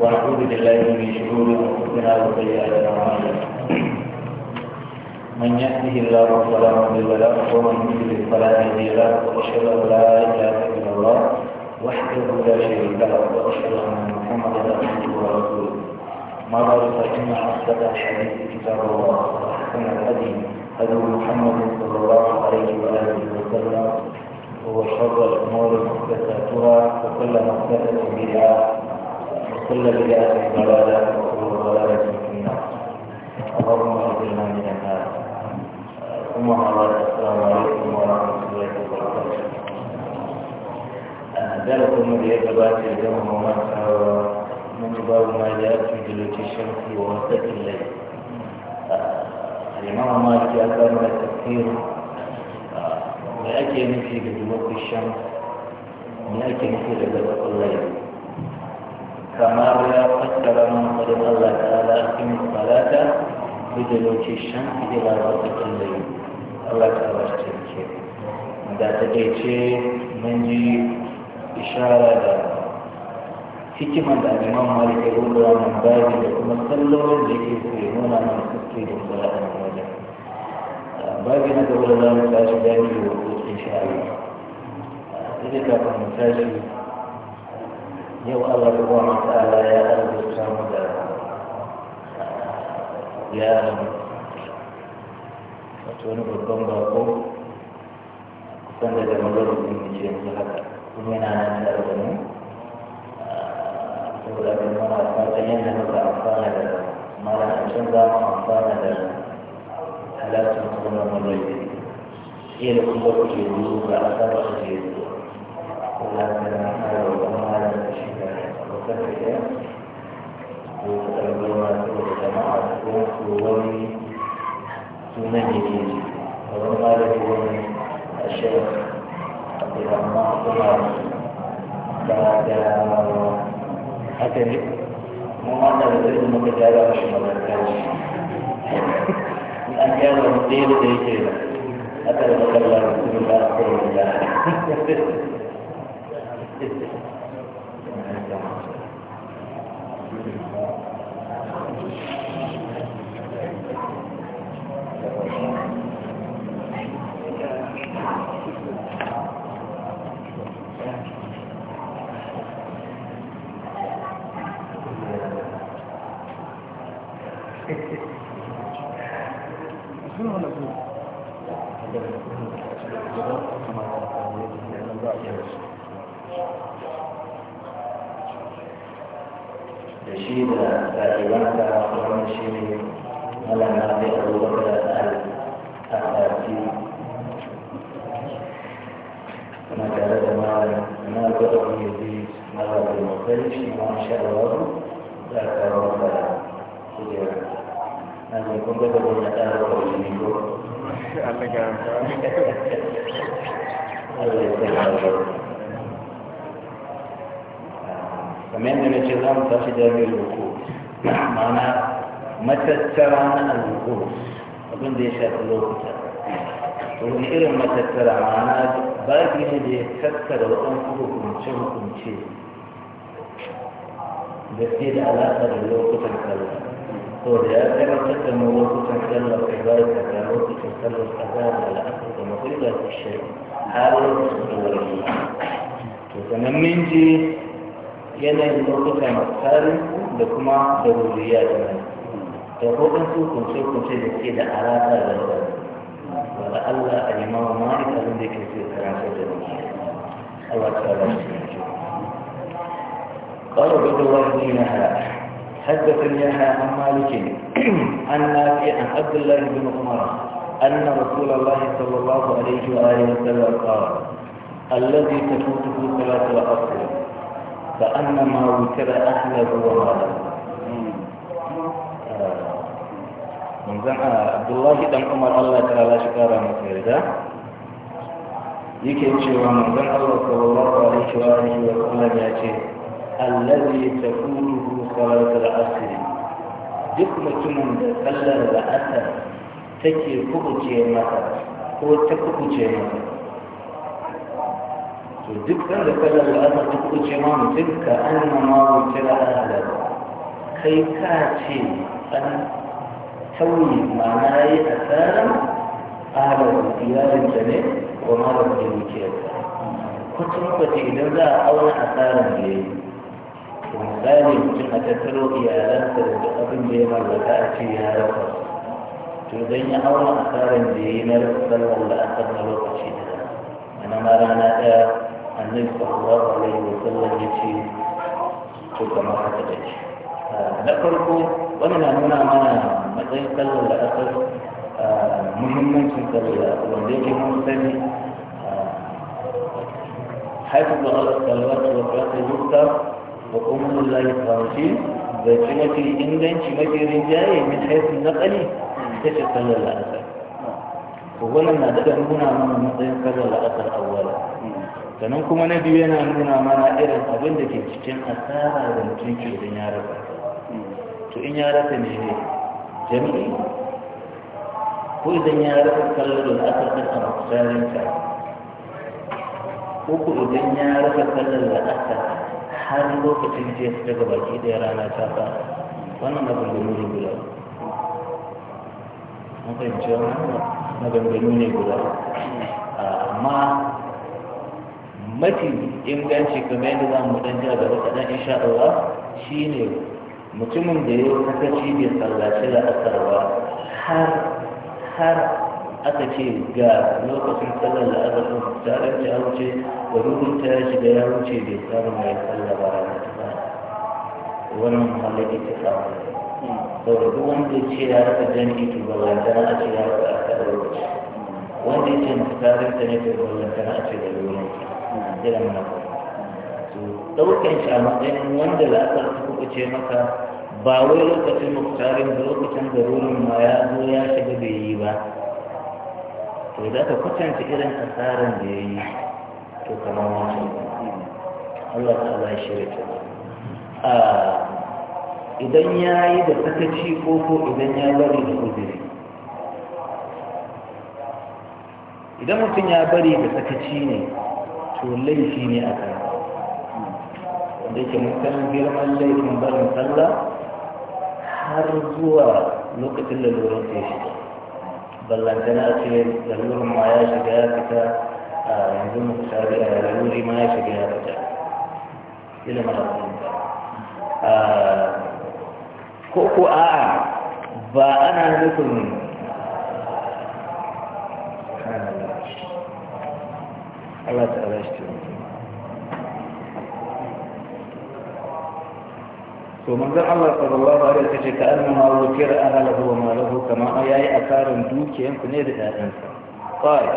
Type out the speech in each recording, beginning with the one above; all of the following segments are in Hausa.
ونعوذ بالله من شرور انفسنا وسيئات اعمالنا من يهده الله فلا مضل له ومن يضلل فلا هادي له واشهد ان لا اله الا الله وحده لا شريك له واشهد ان محمدا عبده ورسوله ما فان اصدق الحديث كتاب الله واحسن الهدي هدي محمد صلى الله عليه واله وسلم وشر الأمور محدثاتها وكل محدثة بدعة وكل بدعة ضلالة وكل ضلالة في النار اللهم اجعلنا من النار ثم قال السلام عليكم ورحمة الله وبركاته ذلكم الإجابات اليوم وما من باب ما جاء في جلوس الشمس ووسط الليل الإمام مالك أكرم التفكير me ake nufi da duwatsu shan me ake nufi da gabatun layi kamar ya fassara mana fadin Allah ta'ala cikin da bidiloci shan da gabatun layi Allah ta'ala shi ke da ta ce mun ji ishara da hikimar da imam mamari ke rubuta wannan bayani da kuma sallolin da yake so nuna mana suke da kuma wajen babi na gaba da zama ta tashi gani da wasu insha Allah idan ka ba misali yau Allah ta ba ta'ala ya rubuta mu da yaran wato wani babban bako kusan da jama'a da ke yanzu haka kuma yana nan tare da mu saboda kan mana fatan yadda muka amfana da mara a can za mu amfana da halartar kuma mai iya da kuma kujeru ba a saba kujeru kuma ta na kare wa kuma da ta shiga abokan da ya ko ta ɗarɓar da jama'a ko wani sunan ne ne a wani wani a shirin da da haka ne da zai an gyara ɗaya da yake da أتوكل على رسول الله خير الله shi da ɗalibansa wani shi ne malama sai abubakar al-asasi kuma tare da malam na gwada wani yanzu malam da mafari shi ma sha Allah za ka kawo da kujera na mai kun gwada wani na ɗara wa wani ko Allah ya kawo Allah ya kawo ومن الاجرام فقد الوقوف نعم انا متى ترى الوقوف اظن دي شاف الوقت ومن غير ما ترى معنا باقي اللي يتكسر وانفضوا من شر كل شيء بسيد على اثر الوقت الكلام وده اثر الوقت yanayin lokutan harin da kuma da ruriya da mai da hudun su kunce kunce da ke da alaƙa da wani wala Allah a limamu malik abin da ke so karanta da wani Allah ta ba shi yanzu قال عبد الله بن يحيى حدثني يحيى عن مالك عن نافع عن عبد الله بن عمر أن رسول الله صلى الله عليه وآله وسلم قال الذي تفوته صلاة العصر فأنما وكر أهله وماله من زمان عبد الله بن عمر الله تعالى شكرا مسيردا yake cewa manzon Allah sallallahu alaihi wa alihi wa sallam ya ce allazi takunu salatul asr duk mutumin da sallar la'asar take kubuce masa ko ta kubuce masa الذكر اللي كان الاثر تقول جمال تلك ان نار كلا اهل خيكاتي ان توي معناي اثارا اهل الاختيار الجنه وما لم يمكن كنت ربك اذا لا اول اثارا لي ومثالي جمعة الرؤيا لن ترد قبل جيما وتأتي يا رب تردين اول اثارا لي نرد قبل الله اثارا لوقتي انا ما رانا النبي صلى الله عليه وسلم يجي كنت ما حددت آه، نفرق وانا هنا انا متى يقل الاسد مهما تنتظر وليك مهتم حيث بغلط الصلوات وقرات الوقت وأمر الله الخارجين بجنة الإنجان شبكة رجاية من حيث النقل تشف صلى الأثر عليه وسلم وهنا ما دقنا هنا من مطين صلى الله أولا sannan kuma na biyu yana nuna mana irin abin da ke cikin asara da mutum ke da ya rasa to in ya rasa ne ne jami'i ko idan ya rasa kallon da aka kasa makusarinta ko ku idan ya rasa kallon da aka har lokacin jiya su daga baki ɗaya rana ta ba wannan maganganu ne guda mafi fahimci na maganganu ne guda ah, amma mafi inganci kamar yadda za mu dan jira gaba kaɗan insha Allah shine mutumin da ya sakaci bai sallaci da asarwa har har aka ce ga lokacin sallar da aka sun tsarar ta wuce da rubun ta ya shiga ya wuce bai samu mai sallar ba da ta wani halaki ta samu saboda duk wanda ya ce ya rasa jami'i to ba wanda na ce ya rasa da lokaci wanda ya ce mutarin ta ne to ba wanda na ce da lokaci irin na to ɗaukan shi a matsayin wanda la'asar ta kuka ce maka ba wai lokacin muktarin da lokacin da rurin ma ya zo ya shiga bai yi ba to da ka kwatanta irin asarar da ya yi to kamar wancan Allah ta Allah shirya ta idan ya yi da sakaci ko ko idan ya bari da uzuri idan mutum ya bari da sakaci ne to laifi ne a kan wanda ke musamman girman laifin barin sallah har zuwa lokacin da lura ta shi ballantana na ce lura ma ya shiga ya fita a yanzu misali a lura ma ya shiga ya fita ila mara ko ko a'a ba ana nufin Allah ta'ala shi taimake to manzon Allah sallallahu alaihi wasallam ce ka annama wukira ahlahu wa malahu kama yayi asarin dukiyanku ne da ƴaƴansa qala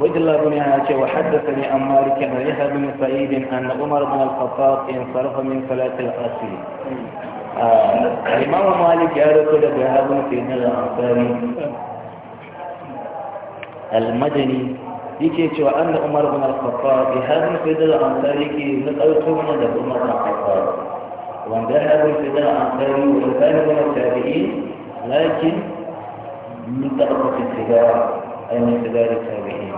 عبد الله بن هاشم وحدثني عن مالك عن يحيى بن سعيد ان عمر بن الخطاب انصرف من صلاه العصر. الامام مالك يعرف بهذا بن سعيد الانصاري المدني yake cewa an da umar bin al-khattab bi hadin fidda an tariki na ɗauko mana da umar bin al-khattab wanda ya hadin fidal ansari wa alfani bin al-tabi'i lakin mun min tarafin sigara ay min da tabi'i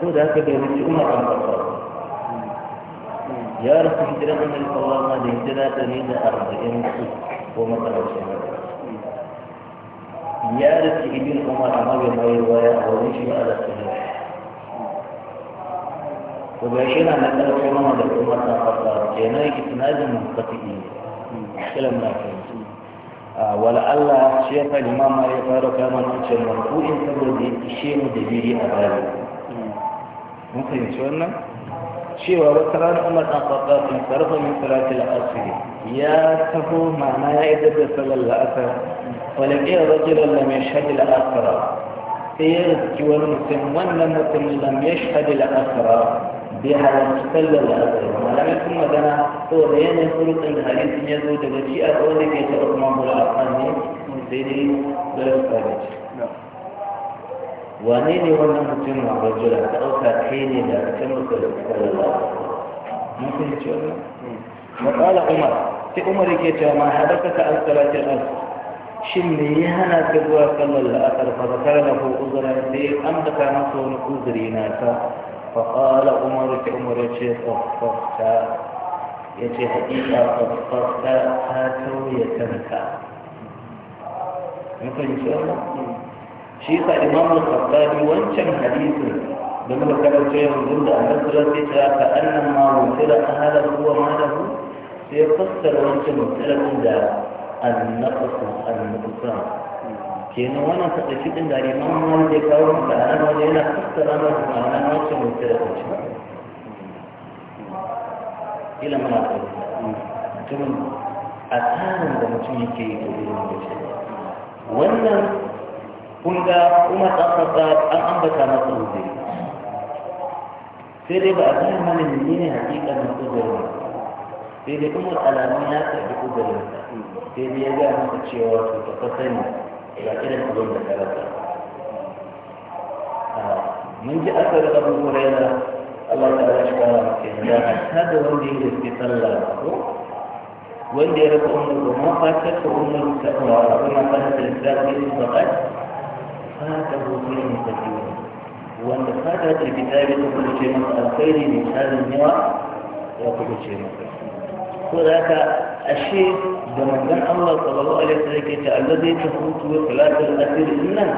so da haka bai wuce umar bin al-khattab ya rasu hijiran annabi sallallahu alaihi wasallam da hijira 140 ko matsalancin haka ziyarar ibn umar a mabe mai waya a wurin shi ba a da sunan to ga shi na nan karfe mana da kuma ta fasa ke nan isnadin munqati kalam na kai wala Allah shi ya fadi ma ya fara kama nan ce marfu'in saboda shi ne da biri a bari mun fahimci wannan cewa wata rana umar ɗan faɗa sun sarfa min salatul asr ya taho ma'ana ya yi da salar la'asar wani iya rajulan lam yashhad al-asr sai ya riski wani mutum wannan mutum lam yashhad al-asr bi halarci sallar la'asar malamai sun magana saboda yanayin furucin da hadisin ya zo daga ci a tsawon da ke taɓa kuma bula a kan ne sai dai zai su وانيني وانا مجمع رجل حتى او فاتحيني لا كم رسول الله ما في شيء وقال عمر في عمر كيف ما حدثك عن ثلاثة ألف شمي هنا تبوا صلى الله أثر فذكر له أذر لي أم نصون أذري ناسا فقال عمر في عمر كيف يجي حقيقة قد قد هاتوا يتمتع ممكن إن شاء shi yasa imam al-qasabi wancan hadisin da muka karanta yanzu da annabi sallallahu alaihi wasallam ka annan ma mutira ahala huwa ma lahu sai fassara wancan mutirin da annaqsu annaqsa kenan wannan sadaki din da imam malik ya kawo maka a nan wajen yana fassara maka ma'anar wancan mutirin ce ila mana mutumin a tsarin da mutum yake yi da irin wannan kunda ga umar ɗan khattab an ambata masa uzuri sai dai ba a gaya mana menene hakikar na uzurin sai dai umar alamun ya karbi uzurin sai dai ya gaya masa cewa to ka fa sani ga irin abin da ka rasa mun ji asar abu huraira Allah ta ba shi kara maka yanda hatta da wanda ya riske sallah ko wanda ya rasa umar ba ma fatar ka umar ka kuma ba ma fatar da zafi ba فاته فيه كثيرا وان فاته في كتاب كل شيء من الخير من هذا النوع وكل شيء من الخير هناك الشيء بمجان الله صلى الله عليه وسلم الذي تفوت فلا تنأثر إلا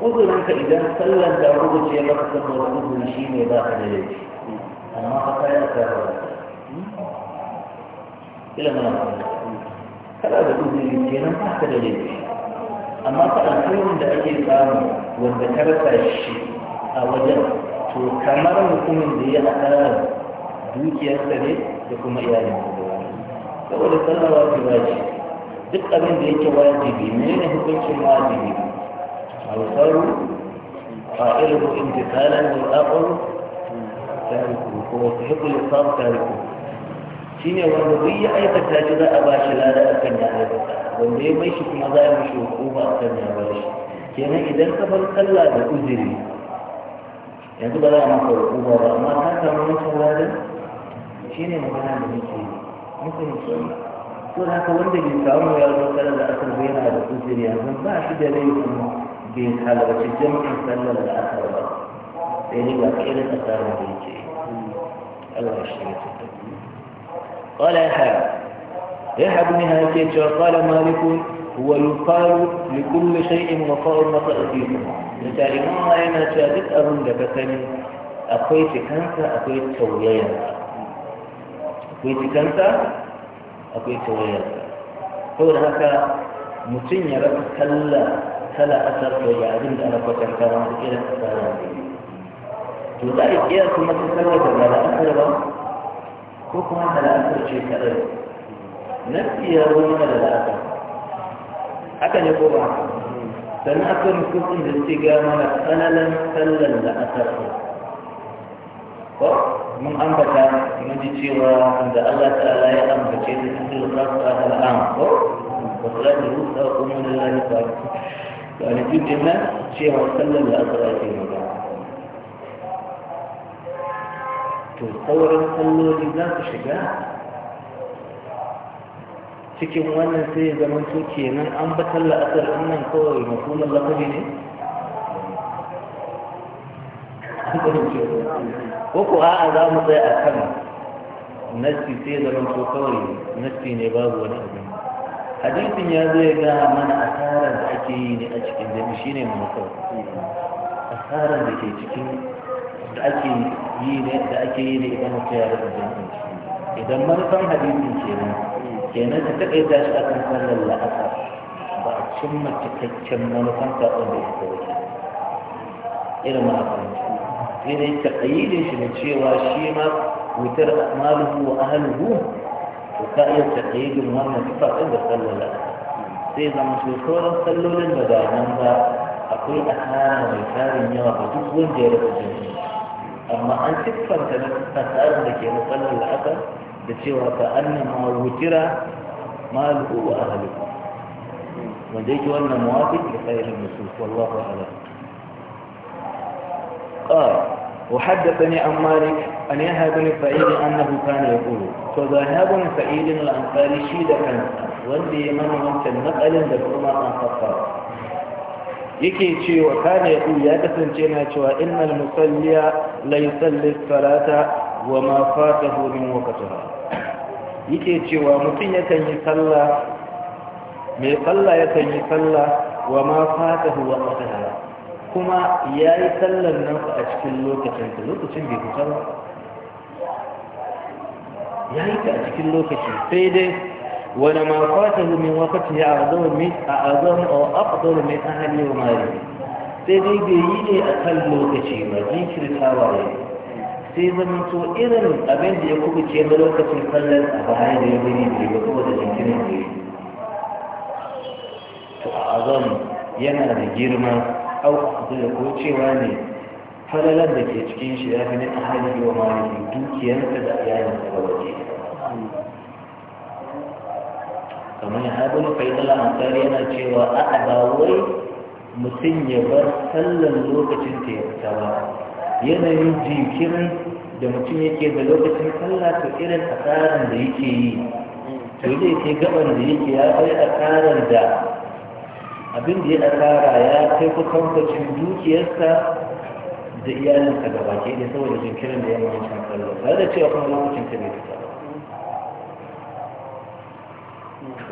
خذ منك إذا صلى أنت أقول شيء مكتب ورده لشيء مباح لديك أنا ما أقول لك الى ما أقول لك فلا تقول لي جينا مباح لديك amma fa alkhairin da ake samu wanda ta rasa shi a wajen to kamar mutumin da ya asara dukiyarsa ne da kuma iyalin da wani saboda sallawa ta ce duk abin da yake wajibi menene hukuncin wajibi alfaru fa'iluhu intiqalan wal aqru tariku ko wasu hukun lissaf tariku shine wanda duk ya aikata shi za a ba shi lada a kan ya ba wanda ya mai shi kuma za a mishi hukuma a kan ya ba shi kenan idan ka bar sallah da uzuri yanzu ba za a maka hukuma ba amma ka samu wancan lada shine magana da muke mutum sun ko da haka wanda bai samu ya zo kana da asar bai yana da uzuri yanzu ba shi da laifin bai halarci jam'in sallar da asar ba sai ne ba kai da tsakanin da yake Allah ya shirya ta. قال يا يا يحيى بن هاتيج قال مالك هو يقال لكل شيء وقاء وقاء فيه مثال ما أنا شاهدت أبن دبتني أخيت كنت أخيت شوية أخيت كنت أخيت شوية فور هكا متين يا رب كلا كلا أثر في عدم أنا فتح كرام إلى السلام جزائي إياكم ما تسلت على أثر ko kuma da la'asar ce kadai na ya wani da la'asar haka ne ko ba sannan akwai hukuncin da suke ga mana tsananan sallan la'asar ko mun ambata mun ji cewa da Allah ta'ala ya ambace da cikin rasa an ko wa salatu rusa wa kuma lillahi ne kwanakin dinnan cewa sallan la'asar ake ba. to sauran alloli za su shiga cikin wannan sai ya zama to kenan an batar la'asar wannan kawai makonan lafari ne ko ko a'a za mu tsaya a kan Nasi sai ya zama kawai nasi ne babu wani abin hadisin ya zo ya gaya mana asarar da ake yi ne a cikin jami shine mu kawai asarar da ke cikin da ake yi ne da ake yi ne idan mutum ya rasa jam'in idan manufan hadisin kenan kenan ta taƙaita shi akan sallar la'asar ba a cimma cikakken manufan saƙon da ya wuce irin ma'afarci sai dai taƙayyidin shi da cewa shi ma wutar maluhu wa ahaluhu to ka iya taƙayyidin wannan tufaɗin da sallar la'asar sai zama su sauran sallolin da ba nan ba akwai asara mai tarin yawa ga duk wanda ya rasa jami'i amma an siffanta na tsarin da ke matsalar la'akar da cewa ta annan ma wutira ma al'uwa a halin wanda yake wannan mawafi da tsarin musu wallahu ala قال وحدثني عن مالك أن يهب بن سعيد أنه كان يقول فذهب بن سعيد الأنصاري شيد كان والذي من وانت المسألة لكما أنفقه yake cewa kana ya ya kasance na cewa innal musalliya la yusalli salata wa ma fatahu min waqtiha yake cewa mutum yakan yi sallah mai sallah kan yi sallah wa ma fatahu waqtiha kuma yayi sallar nan a cikin lokacin lokacin bai fita ba yayi ta a cikin lokaci sai dai Wani ولما فاته من وقته a من أعظم أو أفضل من أهله وماله sai dai bai yi ne a kan lokaci ba jinkirtawa ne sai zama to irin abin da ya kubuce na lokacin sallar a baya da ya wuri bai ba kuma da jinkirin da to a azon yana da girma au da ko cewa ne falalar da ke cikin shi ya fi na ahali wa maliki dukiyarsa da iyalinsa da waje kamar ya haɗu na faidala yana cewa a ba mutum ya bar sallan lokacin ta ya fita ba yanayin jinkirin da mutum yake da lokacin sallah to irin a tsarin da yake yi to zai yake gaban da yake ya kai tsarin da abin da ya da tsara ya kai ku dukiyarsa da iyalinsa gaba ke da saboda jinkirin da ya mawancin sallah tare da cewa kuma lokacin ta bai fita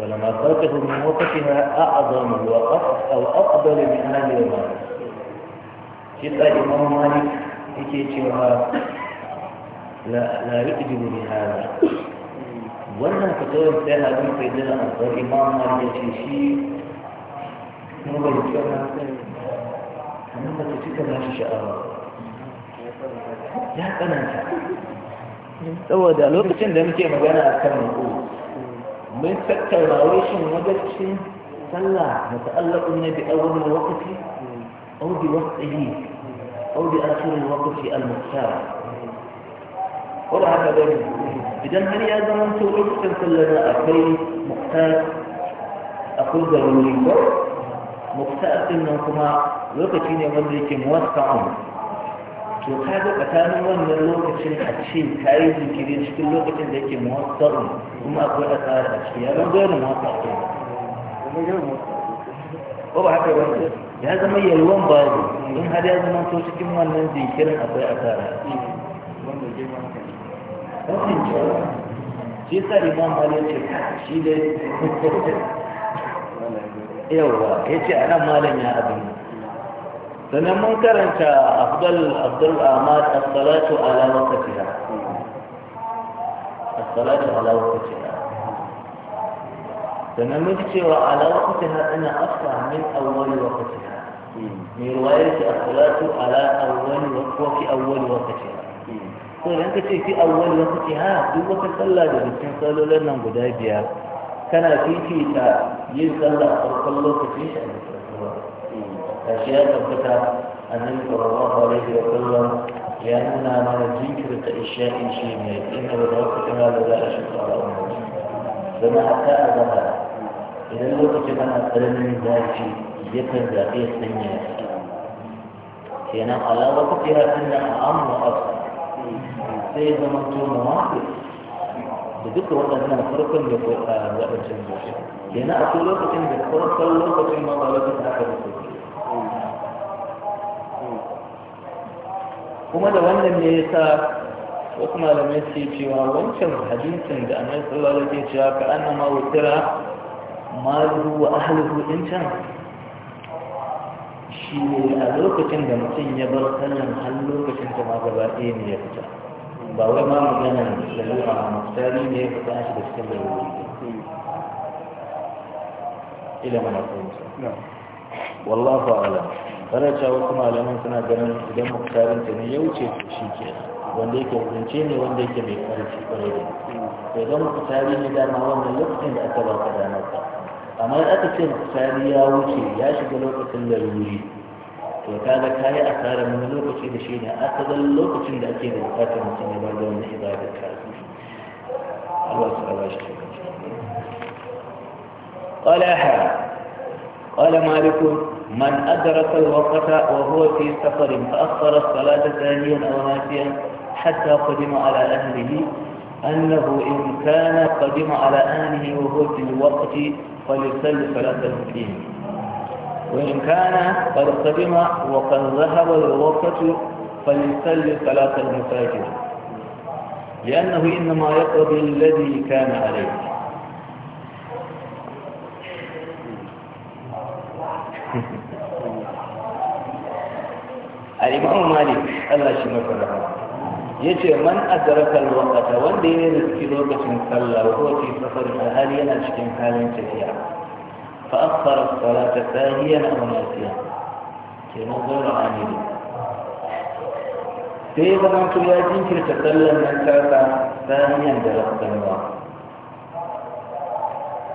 ولما تركه من وقتها أعظم الوقت أو أقبل من أهل المال كتا إمام مالك إكي تشوها لا لا يؤجب بهذا وانا كتير تلها دون فيدنا أفضل إمام مالك يشيشي مبالي تشوها أنا فتشيك ما تشعر لا تنسى سوى ده الوقت لم يكن مجانا أكثر من أول mun tattauna wai shin wajabcin sallah na ta'allaqu ne bi awwal waqti aw wasu waqtihi aw bi akhir waqti al-mukhtar ko da haka dai idan har ya zama to lokacin sallah na akwai mukhtar akwai zaruri ko mukhtar din nan kuma lokaci ne wanda yake muwassa'un to kaga tsakanin wannan lokacin a ce ka yi jinkiri cikin lokacin da yake muwassarun kuma akwai asara a ciki ya zama gairin muwassar ke ko ba haka wani ya zama yalwan babu in har ya zama to cikin wannan jinkirin akwai asara wannan cewa shi sa imam malik ce shi dai yawa ya ce a nan malam ya abin sannan mun karanta afdal Abdul amad as-salatu ala waqtiha as-salatu ala waqtiha sannan mun cewa ala waqtiha ana asla min awwal waqtiha mai ruwayar ce as-salatu ala awwal wa fi awwal waqtiha to idan ka ce fi awwal waqtiha duk wata sallah da dukkan sallolin nan guda biyar kana fifita yin sallah a farkon lokacin shi أشياء تبقى النبي صلى الله عليه وسلم لأننا من الذكر الأشياء شيء إن الله كما لدى أشكر على فما حتى أبدا إذا الوقت ما أسلمني ذلك يكن ذاتي السنية كان على وقتها أن أمر أصلا سيد من طول مواقف da duka waɗannan farkon da waɗancan zuciya yana akwai lokacin da farkon lokacin ma ba kuma da wannan ne ya sa wasu malamai ke cewa wancan hadisin da annabi sallallahu alaihi wasallam ke cewa ka annama wutira maluhu wa ahlihu din can shi ne a lokacin da mutum ya bar sallan har lokacin ta ma gaba ɗaya ne ya fita ba wai ma da lalura a mafitari ne ya fita shi da cikin lalura ila mana fahimta wallahu a'lam faracha wasu malaman suna ganin idan muktarin ta ne ya wuce shi ke wanda yake kunce ne wanda yake mai karfi kwarai da to idan muktari ne dama wannan lokacin da aka baka damar ta amma idan aka ce muktari ya wuce ya shiga lokacin laruri to ga ka yi asara mana lokaci da shi ne asalin lokacin da ake da bukatar mutum ya bada wani ibadar karfi Allah su ba shi قال أحد قال مالك من أدرك الوقت وهو في سفر فأخر الصلاة ثانيا أو ناسيا حتى قدم على أهله أنه إن كان قدم على أهله وهو في الوقت فليصلي صلاة المسلمين وإن كان قد قدم وقد ذهب الوقت فليصلي صلاة المساجد لأنه إنما يقضي الذي كان عليه Allah shi maka rahama yace man adraka alwaqta wanda ya riski lokacin sallah ko fi safar hal yana cikin halin tafiya fa akhara as-salata sahiyan aw nasiya ke mun gora ani sai zaman to ya jinkirta sallar nan ta sahiyan da rabbanwa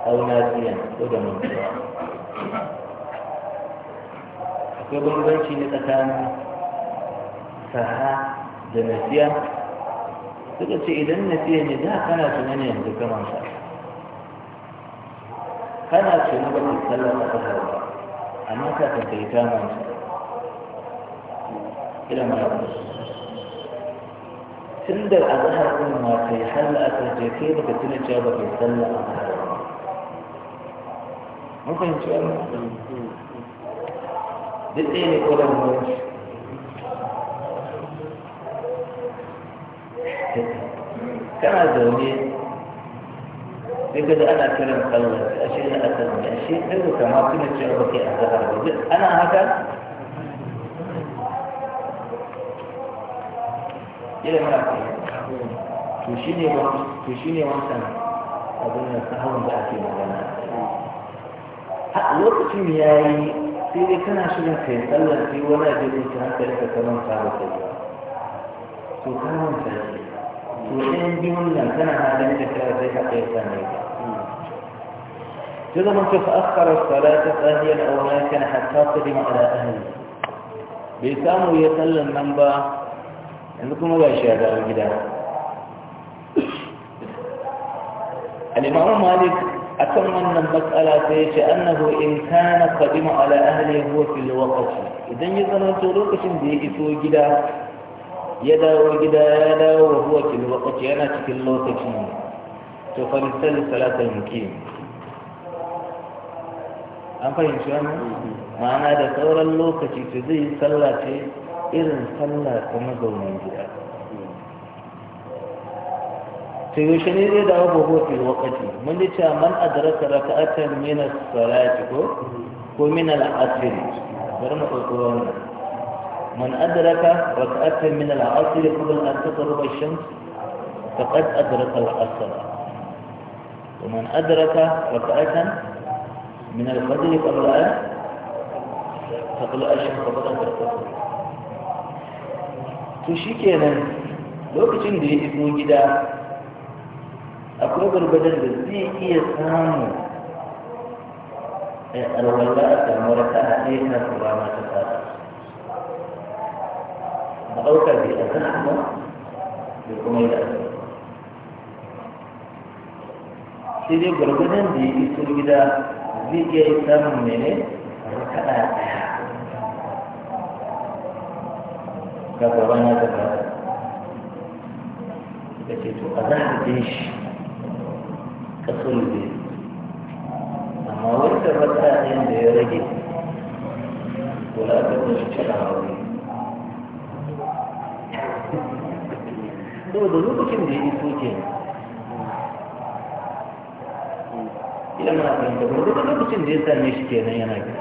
aw nasiya ko da mun akwai bambanci ne tsakanin ساحة دمسية تقول سيئ إذا نسيه نداء فلا تنني أنت كما شاء فلا تنبت الثلاثة فهو أنك تنتهيتا ما شاء إلى ما يقول سند الأظهر كما في حل أتهجي كيف تتنى جابة الثلاثة ممكن شو أنا؟ دقيقة كلها مش kana zaune daga da ana kiran sallar a shi da aka zama shi sai ka kama kuna cewa ba ke a zahar ba ana haka yadda mana to to shi ne wancan abin da sahawun da ake magana a lokacin ya yi sai dai kana shirin kai tsallar sai wani abin da ta hankali ka kamanta ba kai ba to kamanta kai. to in biyun nan tana من تتأخر الصلاة فهي الأولى كان حتى تقدم على أهل بيسام ويسلم من با عندكم ما باشي هذا الجدار الإمام مالك أتم أن المسألة تيش أنه إن كان قدم على أهله هو في الوقت إذن أن سلوك شندي إسو جدار ya dawo gida ya dawo wa huwa fil waqti yana cikin lokaci to fa misal salatul muqim an fahimci wannan ma'ana da sauran lokaci to zai yi sallah ce irin sallah ta mazaunin gida to yaushe ne zai dawo ba huwa fil waqti mun ji cewa man adraka raka'atan min as-salati ko ko min al-asr bari mu ɗauko wannan من أدرك ركعة من العصر قبل أن تغرب الشمس فقد أدرك العصر ومن أدرك ركعة من الفجر قبل أن تغرب الشمس فقد أدرك العصر تشيكينا لو كنت دي ابن أقرب البدل بالذي هي سامو أي الولاء المرتاحة هي من القرآن a ɗaukar bai da sana'a ba da kuma yi da sai dai gwargwadon da ya iso gida zai iya yi samun mene rakaɗa ɗaya ga gaban ya gaba da ke to a za a ɗin shi ƙasar bai amma wata rakaɗa ɗin da ya rage to za a ɗaukar shi cikawa wani saboda lokacin da ya iso ke ila mana fahimta ba duk lokacin da ya same shi kenan yana gida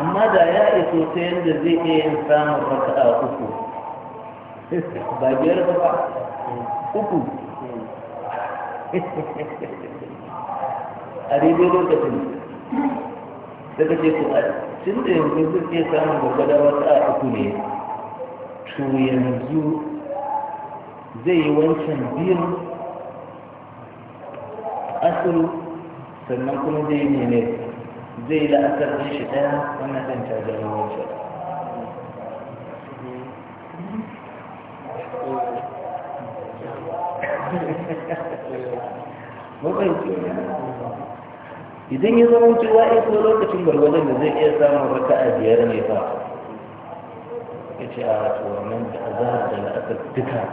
amma da ya iso ta yadda zai iya yin samun a uku ba biyar ba ba uku a daidai lokacin daga ce ko a tun da yanzu zai samun gwagwada wata a uku ne شويه تويانزور زي وانشان بيرا أثر سنان كنا زي مينيت زي لا أثر زي شتان وانا تنشا جانا وانشا إذن يزمون تواعي سولوك تنبر وانا زي إيسا مركا أزيارا يفاق شاءت ومن ذهب إلى أبد بكا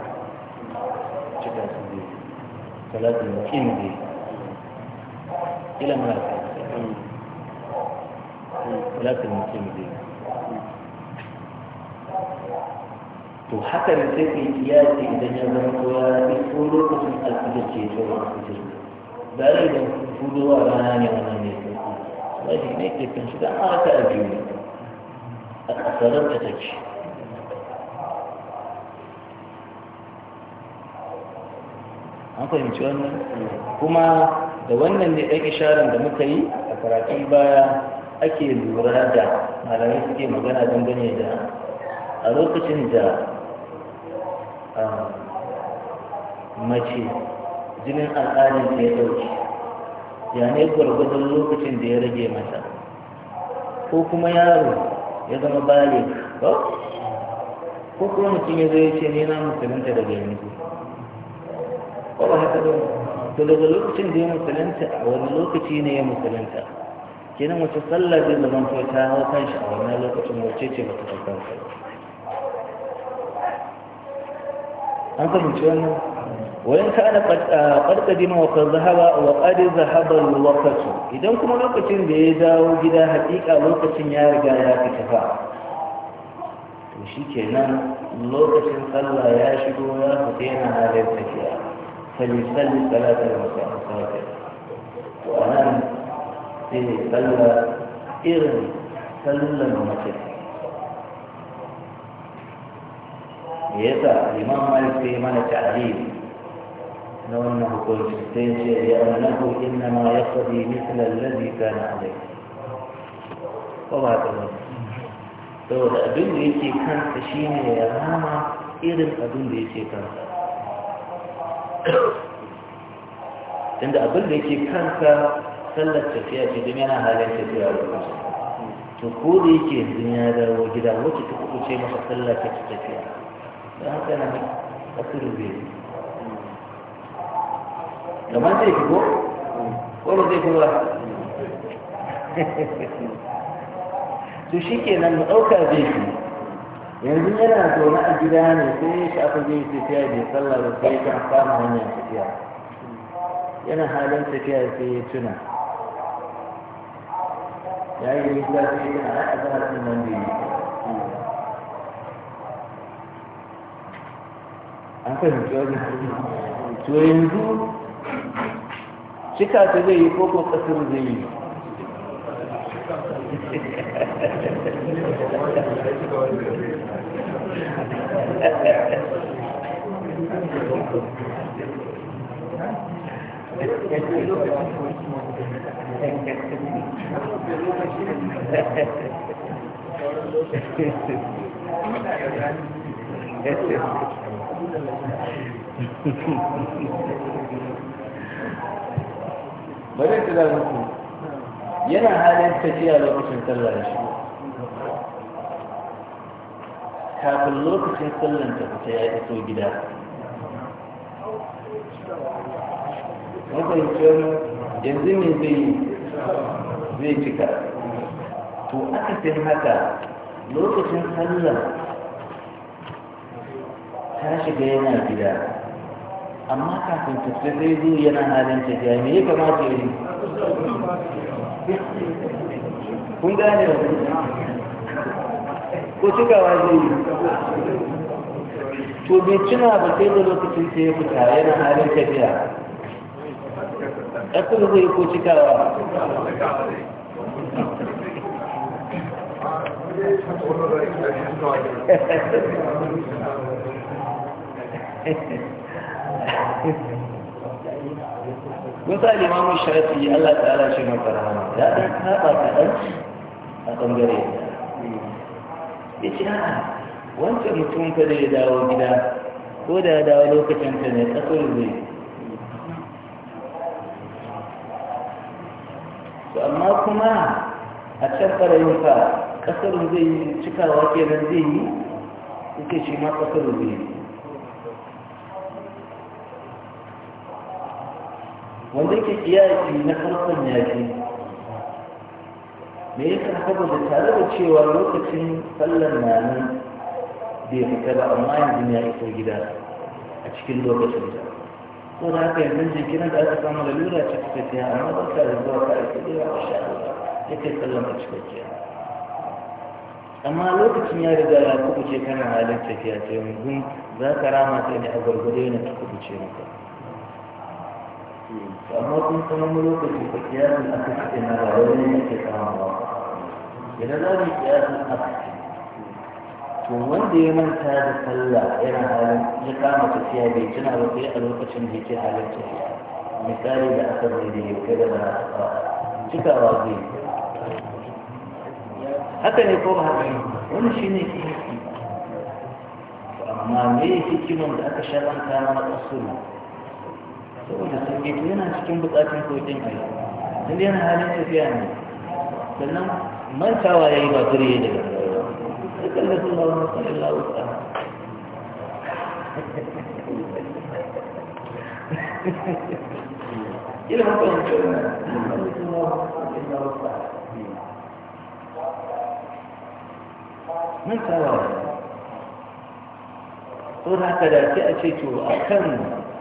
جدا سيدي ثلاث مقيم دي إلى ما ثلاث مقيم دي وحكم سيدي إياتي إذا نظر قوابي فولو قسم أكدتي فولو قسم بارد فولو أراني أراني فولو لكن نكتب أنشطة أعطى أجوني أثرت تكشف an fahimci wannan kuma da wannan ne ɗan isharar da muka yi a karatun baya ake lura da malamai suke magana dangane da a lokacin da ah, mace jinin al'adun ya ɗauki ya ne gwargwadon lokacin da ya rage mata ko kuma yaro ya zama balik ba ko kuma mutum ya zo ya ce ne na musulunta daga yanzu ba haka ba to daga lokacin da ya musulunta a wani lokaci ne ya musulunta kenan wace sallah zai zama ko ta hau kanshi a wannan lokacin wacce ce bata ta kansa an fahimci wannan wayan ka ana karkadima wa kan zahaba wa kadi zahaba lokaci idan kuma lokacin da ya dawo gida hakika lokacin ya riga ya fita fa to shi kenan lokacin sallah ya shigo ya fita yana halin tafiya فليصلي ثلاثة ركعات فاتحة وأنا في صلى إرمي صلى لما تكفى الإمام مالك في إيمان التعليم لأنه كل شيء لأنه إنما يقضي مثل الذي كان عليه وما تقول تقول أدل إيشي كانت تشيني يا ماما إرم أدل إيشي كانت تشيني tunda abin da yake kanka sallar tafiya ce don yana halin tafiya kusa to ko da yake yanzu ya dawo gida wacce ta kuku ce masa sallar ta tafiya don haka na asiru zai yi kamar zai fi ko ko ba zai fi ba to shi kenan mu ɗauka zai fi yanzu yana zaune a gida ne sai shi aka zai tafiya da sallah da sai ka kama hanyar tafiya yana halin tafiya sai ya tuna ya yi nisa sai ya tuna a zahar nan da yi an kan fahimci wani to yanzu cika ta zai yi ko ko kasar zai yi bari ka da muku yana halin tafiya lokacin sallah shi kafin lokacin sallan ta fita ya iso gida mafahimcin yanzu ne zai zai cika to aka fi haka lokacin sallah ta shiga yana gida amma kafin tafi zai zo yana halin tafiya me ya kamata yi kun gane wani ko cikawa zai yi to bai cina ba sai da lokacin sai ya fita yana halin tafiya ƙasar zai ko cikawa Musa limamu shafi Allah ta'ala shi maka rahama ya ɗan kaɗa kaɗan a ɓangare ya ce wancan mutum ka da ya dawo gida ko da ya dawo lokacin ta ne kasar zai to amma kuma a can farayin fa kasar zai yi cikawa kenan zai yi suke shi ma kasar zai yi wanda ke kiyaki na farkon yaki me yasa da tare da cewa lokacin sallar na nan bai fita ba amma yanzu ya iso gida a cikin lokacin da ko da haka yanzu jinkirin da aka samu lalura ce ta tafiya amma ba ka da zuwa ka aiki da yawa sha ya kai sallama cikakkiya amma lokacin ya riga ya kubuce kana halin tafiya ce yanzu za ka rama ta ne a gwargwado yana ta kubuce maka amma kun san wani lokaci ka kiyasin aka cikin na ba wani ne ke kamawa idan za mu kiyasin aka to wanda ya manta da sallah yana halin ya kama tafiya bai tuna ba sai a lokacin da yake halin tafiya misali da aka mai da yake da na cikawa zai haka ne ko ba haka wani shi ne ke amma me hikiman da aka kama na kasuru saboda sun yi yana cikin bukatun kokin ayi tun yana halin tafiya ne sannan mantawa ya yi ba turiye daga يتكلف الله نفسا الا وسعها الى متى يتكلف الله نفسا الا وسعها من سواه don haka da sai a ce to a kan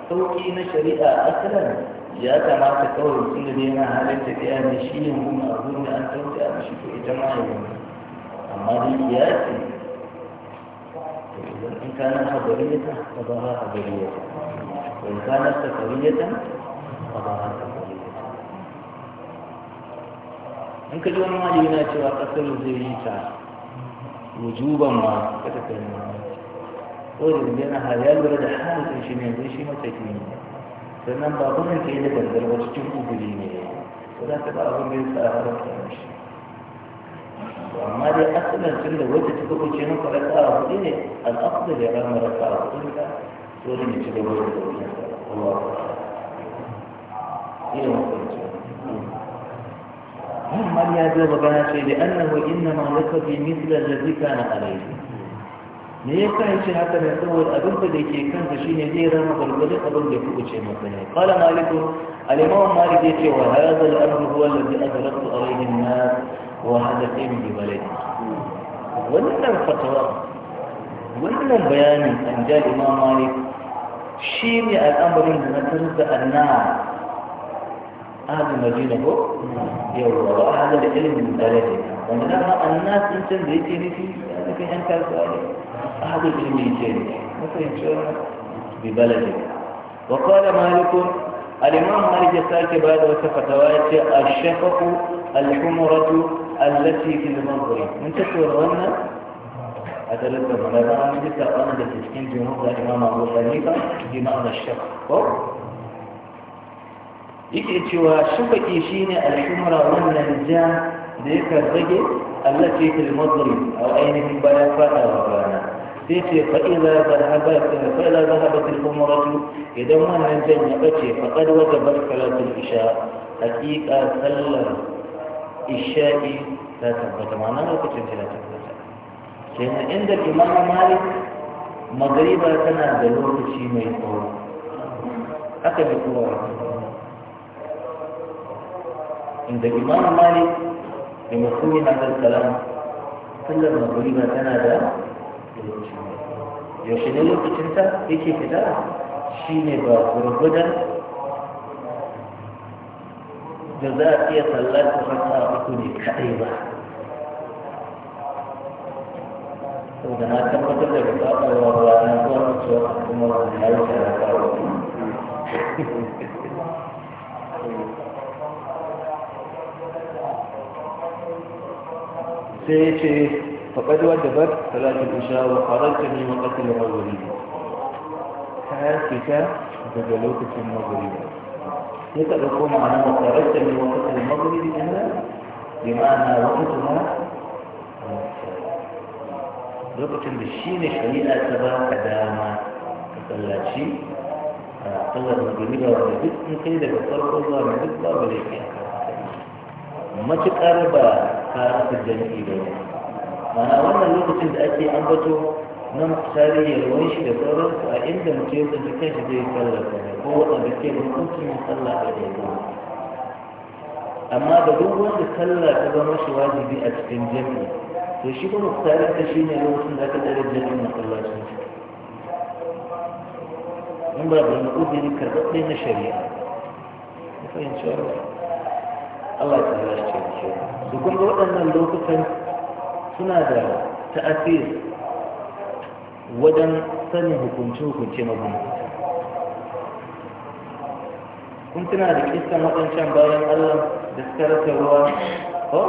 sauƙi na shari'a asalan ya kamata kawai mutum da yana halin tafiya ne shi ne mun abu ne an sauƙi a mashi to ita ma ya amma dukiya ce in kana habariyata ta ba ha habariyata in kana sakariyata ta ba ha sakariyata in ka ji wani malami yana cewa kasar zai yi ta wujuban ma ka tafi ko da yana hali lura da halin shi ne zai shi mataki ne sannan ba kuma ke da gangar wasu cikin ubuli ne ko za ta ba abin da ya tsara da shi وأما دي أصلا تنده وجه تقول شنو فرقاء وإيه الأفضل يا رب رقاء وإيه سوري نتجه وجه تقول الله إيه مفرد هم من يجوب بناتي لأنه إنما لك في مثل الذي كان عليه me ya sa yace haka ne saboda abin da ke kan shi ne zai rama gurgurda abin da kuka ce masa ne qala maliku al-imam malik yace wa hadha al-amru huwa alladhi adraktu alayhi an-nas وحدثين بولد wannan fatawa wannan bayanin an ja imam malik shi ne al'amarin da na tarda anna ahlul madina ko yawa wa ahlul ilmi balade wanda da ma anna sun can da yake nufi ya nufin yan kasuwa ne ahlul ilmi yake ne na fahimci wannan bi balade wa qala malikun الإمام مالك يسألك بعد وصفة واجه الشفق الحمرة التي في المنظري من الرنة أدلت بلدا عن جدا أنا في جنوب الإمام أبو حنيفة بمعنى الشفا يكي تشوها الشفا كيشيني الشمرة رنة الجان ديك الرجل التي في المضرب أو أين من بلافة أو تيتي فإذا ذهبت فإذا ذهبت الأمرة إذا ما من الجان فقد وجبت فلات الإشاء حقيقة سلم isha'i ta tabbata ma'ana lokacin ta tabbata kenan inda imamu malik magariba tana da lokaci mai tsawo aka bi kowa inda imamu malik da mafuni na kalkalan sallar magariba tana da lokaci mai yaushe ne lokacinta yake fita shi ne ba gurgudan جزاكي صلاه خطاكني كئيبا سيشي فقد وجبت صلاة العشاء وخرجت من وقت المغربية. هاتك تجلوك في المغربية. يتدركون معنا وقرأت من وقت المغرب بأن بمعنى وقتها وقت بالشين شريعة تبا أداما تسلاتشي قلت مجمدة وردت نكي بطرق الله من ذكبة وليك ما تقرب كارت الجنئي بيه معنى وانا الوقت اللي أتي أنبته نمت ساري يلويش لطرق وإن لم تيوزن بكاش دي كلا كلا ko waɗanda ke da hukuncin sallah da ya zama amma da duk wanda sallah ta zama shi wajibi a cikin jami'i to shi kuma tsarin ta shi ne lokacin da aka tsare jami'in masallacin shi in ba da uzuri karɓaɓɓe na shari'a ku fahimci wani Allah ta halarci ce su kun ga waɗannan lokutan suna da ta'asir wajen sanin hukunce-hukunce mabambanta kun tana da kistan waɗancan bayan Allah da suka rasa ruwa ko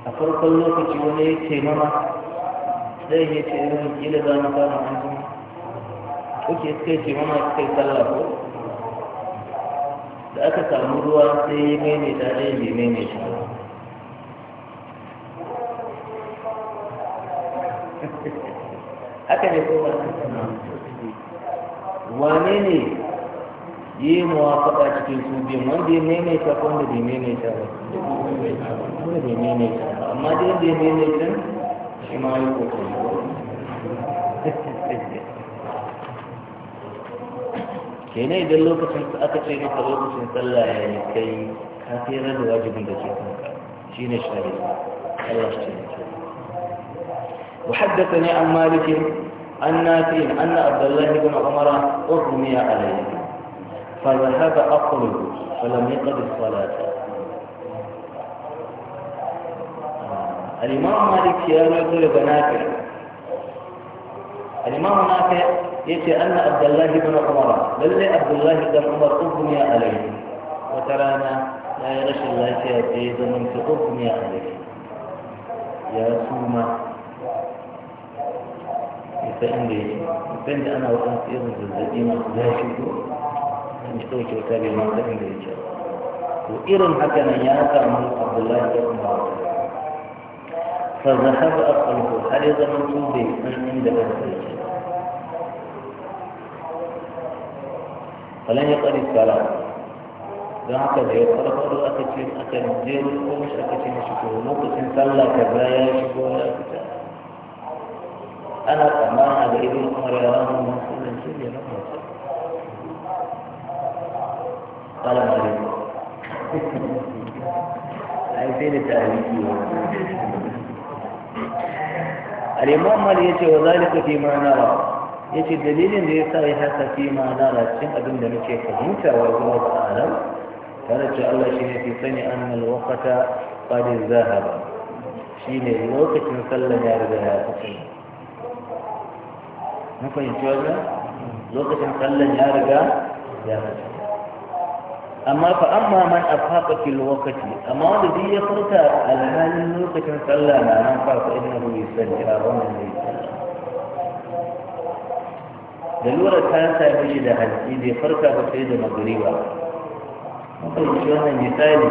a farkon lokaci wani ya ce mama ɗaya ya ce irin kila za mu kama an kuma kuke suka ce mama suka yi sallah ko da aka samu ruwa sai ya maimaita mai ne, shi haka ne ko wani wane ne yi muwafaka cikin su biyan wanda ya maimaita ko wanda bai maimaita ba wanda bai maimaita ba amma dai wanda ya maimaita shi ma yi kokari kenan idan lokacin aka ce maka lokacin sallah ya yi kai ka tsere da wajibin da ke kanka shine shari'a Allah shi ne وحدثني عن مالك عن نافع أن عبد الله بن عمر أغمي عليه فذهب أقله فلم يقض الصلاة الإمام مالك يقول بنافع الإمام نافع يأتي أن عبد الله بن عمر بل عبد الله بن عمر يا عليه وترانا لا يغش الله في زمن في يا عليه يا سوما يتأمل يتأمل أنا وأنت إذن الذين لا يشكون مشترك كتابي ما تفهم الرجال وإرم حكنا ياتا من عبد الله بن عمر فذهب أقله حرز من طوبه من عند الرجال فلن يقل السلام don haka da ya farfaro aka ce aka je ko mishi aka ce mishi ko lokacin sallah kaza ya shigo ya fita ana tsammanin a ga ibn umar ya ramu musulunci ne na mutum قال مريض عايزين التعليم الإمام مالي يتي وذلك في فيما نرى يتي دليل ليس حتى فيما نرى سن أبن دمشي فهمت والله أعلم فرجع الله شيء في صنع أن الوقت قد ذهب شيء الوقت نصلى يا رجال ممكن يتوجه لوقت نصلى يا رجال يا رجال amma fa amma man afaqa fil waqti amma wanda duk ya farka alhalin lokacin sallah na nan fa fa inna hu yusalli a wannan ne da lura ta same shi da hajji bai farka ba sai da magriba mutum shi wannan misali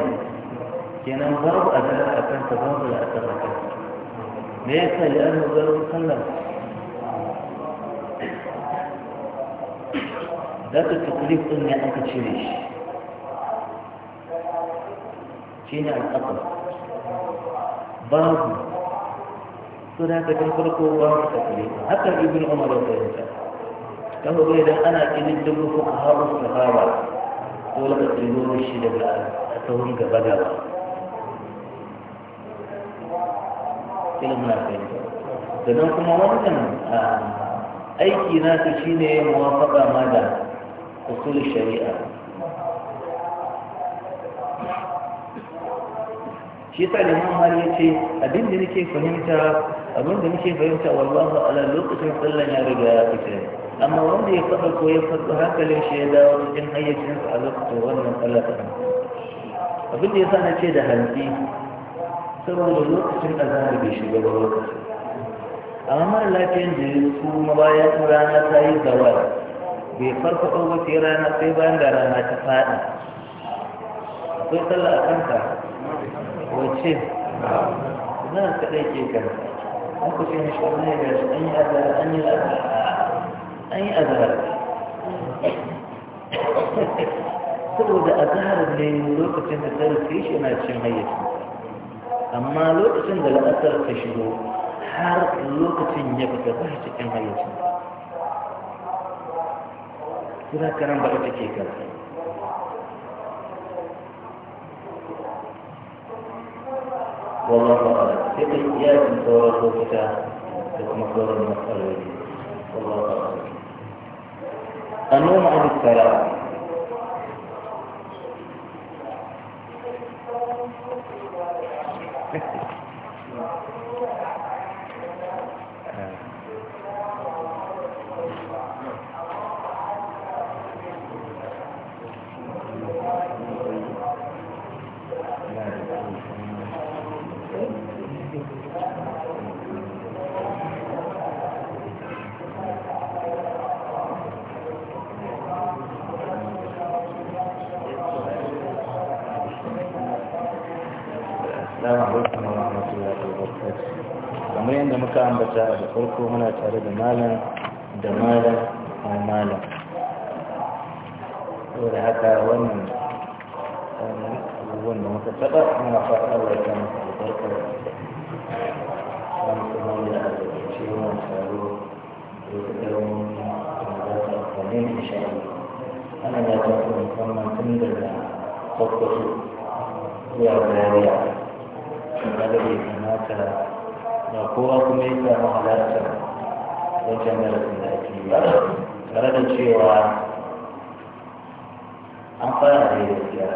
kenan babu azhar a kansa babu da azhar a kansa me yasa ya an zarur sallah da ta tukulif din ne aka cire shi shine alƙasar babu su na ka farko babu ta kare haka ibn umar ya fahimta ta hudu idan ana kinin dubu ko a su sahaba dole ka nuna shi daga tsawon gaba gaba kila muna fahimta sannan kuma wannan aiki na su shine faɗa ma da usul shari'a shi sa liman har ya ce abin da nake fahimta abin da nake fahimta wallahu ala lokacin sallan ya riga ya fita amma wanda ya faɗa ko ya faɗa hankalin shi ya dawo cikin hayyacinsa a lokacin wannan tsallaka. abin da sa na ce da hantsi saboda lokacin azhar bai shiga ba lokacin amma mara lafiyan da ya su mabaya su rana ta yi zawar bai farfaɗo ba sai rana sai bayan da rana ta faɗi akwai tsalla a kanka وجهه ما تأتيك كذا أنك في مشوار أي أذى أي أذى أي أذى كل هذا أظهر من لوك سند ثالث فيش ما يتشم هيك أما لوك سند لا أثر تشلو حار لوك سند يبقى بحث يتشم هيك ترى كرام بقى تكيكا والله أعلم فقط إياكم صورات الكتاب ومقدور المسألة والله أعلم النوم عن السلام Thank you. kamar yadda muka ambata a da farko muna tare da malam da malam a malam saboda haka wannan abubuwan da muka taba muna fata Allah ya kama da farko wani kuma da ce wani taro da ya karon da za ta amfani da insha Allah ana da ta kuma musamman tun daga kwakwato ya bayariya da bai kamata ba kowa kuma ya samu halartar wajen darasin da ake ba tare da cewa an fara da gaskiya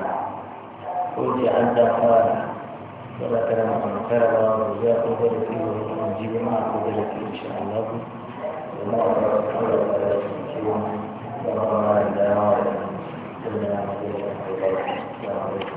ko ce an ta fara ولا كلام عن الكلام ولا قدر فيه ونجيب ما قدر فيه إن شاء الله وما أقدر حول ولا قوة إلا بالله وما أقدر إلا بالله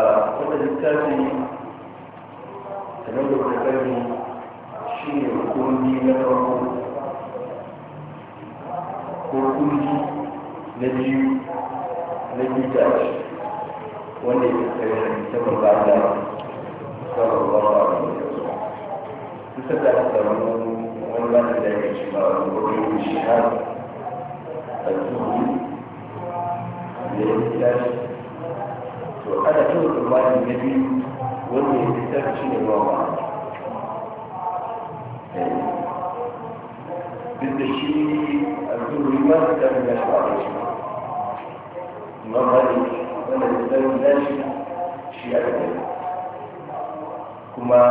الشهاب الزهري للاستاذ وأنا شغل الوالد الجديد واللي الاستاذ شيء الواقع ضد الشيء الزهري ما تتعلم يشبع عليه الإمام مالك وأنا الإسلام شيء شيء أبدا كما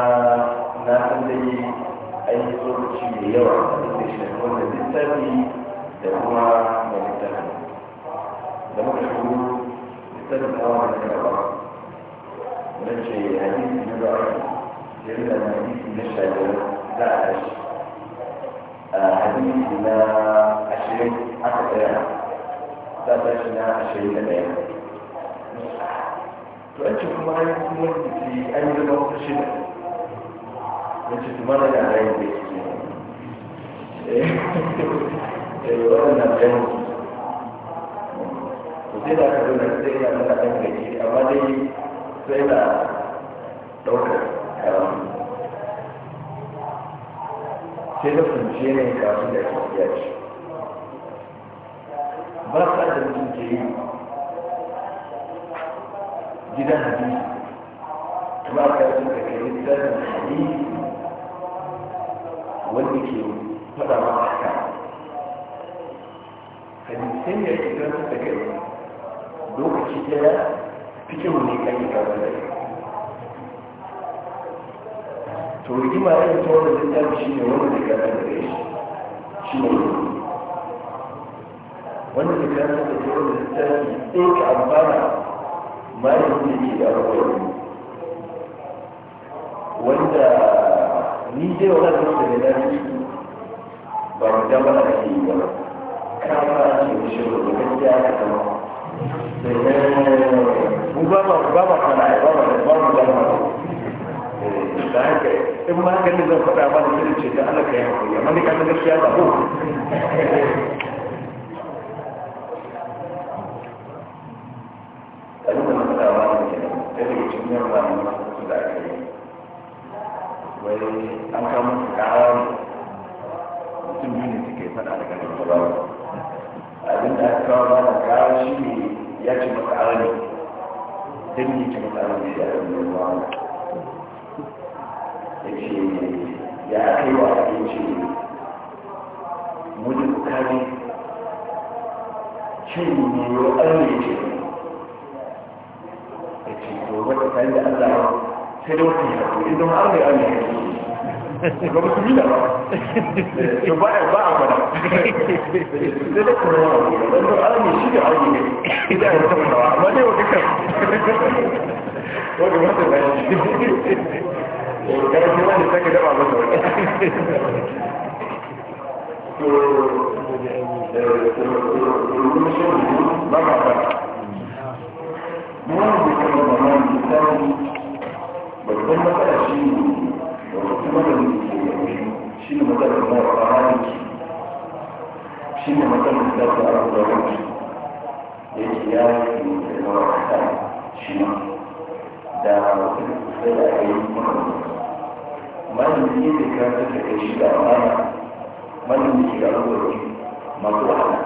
أي صورة شيء يوعد littafi da kuma da littafi da muka shuru littafi da hawa da karfa wanda ce hadisi na za'a sai da hadisi na shagar za a tashi hadisi na ashirin aka tsaya za a tashi na ashirin da ɗaya to an ce kuma an yi kuma an yi zama wata shida ya ce tumara da rayu da ke wannan ɗan ku sai da aka zuna sai ina nuna ɗan gaji amma dai sai na ɗaukar karatu sai da kunci yanayin kafin da ya ce ba sa da mutum ke gidan hadisi kuma ka yi suka kai littafin hadisi wanda ke faɗa ba haka hadisan ya shiga su da gari lokaci ɗaya fikin ne kan yi gaba da to rigima yin ta wani littafi shi ne wani da gaba shi shi ne wani da gaba da ke wani littafi amfana ke da wanda ni dai wani da ke da ba ba in ma haka zan faɗa ba da ce ta Allah ka yi hakuri amma ka gaskiya ba ko ita a wata farawa amma dai wata kan wata masa shi wani sake daba masa wani ne da ka ta kai shi da wahala wannan da da masu wahala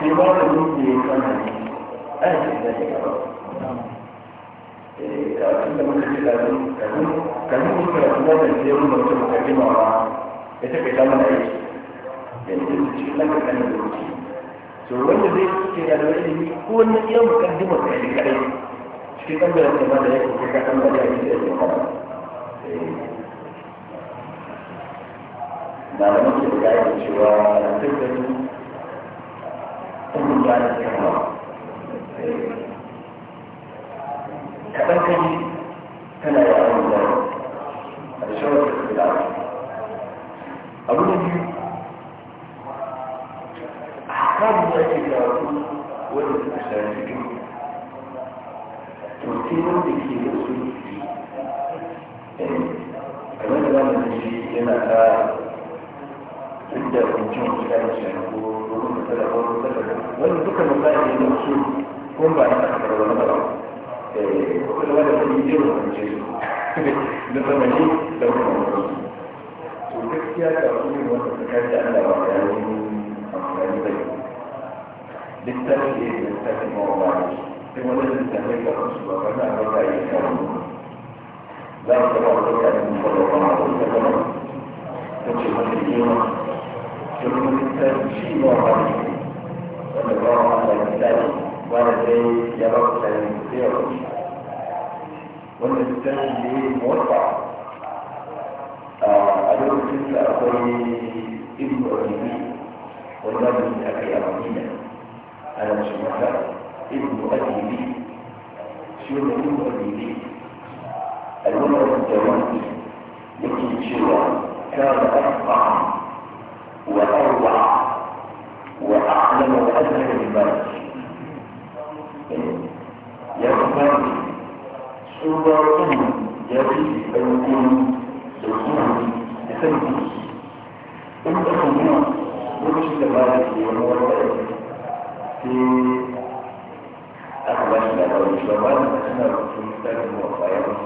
sai ba eh, da ya kana ne a yi da shi gaba kafin da muka ce muka da kuma da mawa ya ta kai ta mana yi ka da to wanda zai ke da ilimi ko na iya mukaddimar kadai cikin ɓangaren da ma da ya kuka da ya na da muke da yake cewa da dukkan kun ya da cewa kaɗan kai tana yawon da a da shawar da da abu da biyu a kan da ke karatu wanda suka shafi to sai wanda ke yin su kamar da zama da shi yana ta duk da kuncin kusa da shi ko domin da da wani da wani duka misali ne da su kun ba na kasar wani ba eh kuma da shi ne da kunce su da zamani da kuma wani to gaskiya ga ne wanda ta kai da Allah ba ya yi amfani da littafi ne da littafi ma wani sai wani littafi da wasu ba ba na ba ya yi kawai لا تتوقع أن صلى الله عليه وسلم تجد الدين جنود التنشيد والرحيم وأن الله على الإنسان والذي يبقى المسير وأن التنشيد موضع أدور آه، تلك أخوي ابن أبي والنبي من أبي أمينة أنا مش ابن أبي شو ابن أبي الأمر الجوانبي التي شوى كان أفقع وأروع وأعلم وأدرك بالبلد يخبر صورة جريء تكون الدين الفنس انت خميس وجه تبارك ومورد في أخبار الأول شباب أسنى في كتاب الموقعين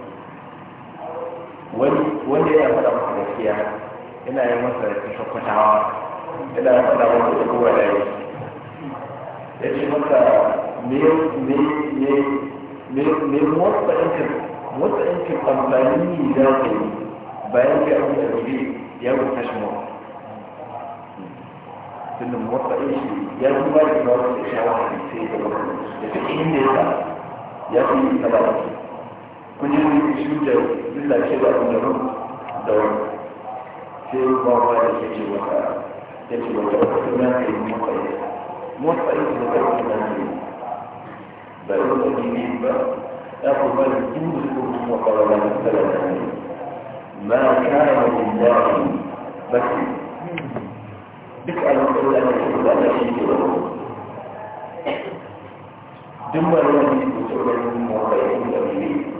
wanda ya faɗa masa gaskiya ina yi masa shakwatawa ina yi faɗa masa da kowa da yi ya ce masa me me me me me motsa ɗinkin motsa ɗinkin amfani da ka yi bayan ka yi da wuri ya yi tashi mawa tunda motsa ɗinkin ya yi ba da shawara sai da wuri da ta inda ya ya fi yi tsada kun yi mun ishu da bisa cewa da mun da wani sai ba ba da ke ce wata ya ce wata wata na ke motsayi motsayi da ga wata na ke ba yi wata gini ba ya ku ba da duk ko kuma kwararra da kala da ne ma kana lillahi baki duk alƙalla da ke da shi ke wata duk wani wani mutum da yin motsayi da ne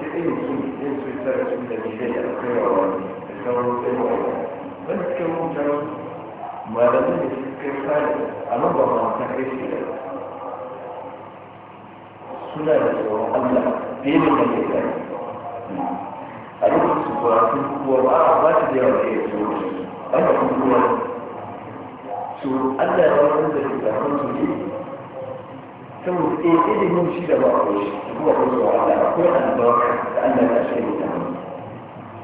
da irin su irin su ta rasu da bishiyar da akwai wani da sauran sai wa wani cikin rubuta malamin da suka kai fara a nan ba ma ta kai shi da suna da tsoron allah fiye da kan a lokacin su kuwa sun kuwa ba a ba su da yawa da ya tsoro an da kuma su allah ya wani da ke zafin su saboda eh ilimin shi da ba a koyi kuma ko da wala akwai albarka da Allah ya shi da mu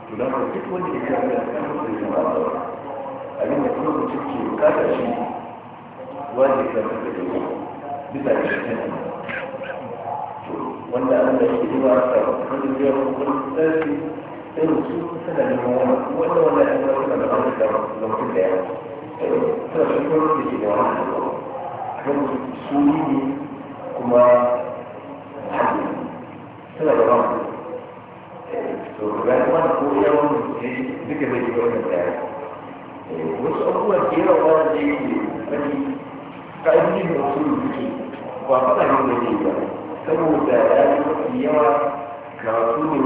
to dan ko duk wanda ya karanta da shi ba ba abin da kuma ku cike bukata shi wanda ya karanta da shi bisa ga shi to wanda Allah ya yi ba sa wanda ya yi kuma tsari sai su sana da mu wanda wanda ya karanta da shi da lokacin da ya sai shi ko da shi da wannan ko su ne kuma suna da wani to ga kuma ko yawan ne duka zai yi wannan bayani eh, wasu abubuwan da yawa wanda yake wani da su ba da ba saboda ya yi mafi yawa ne wanda da suke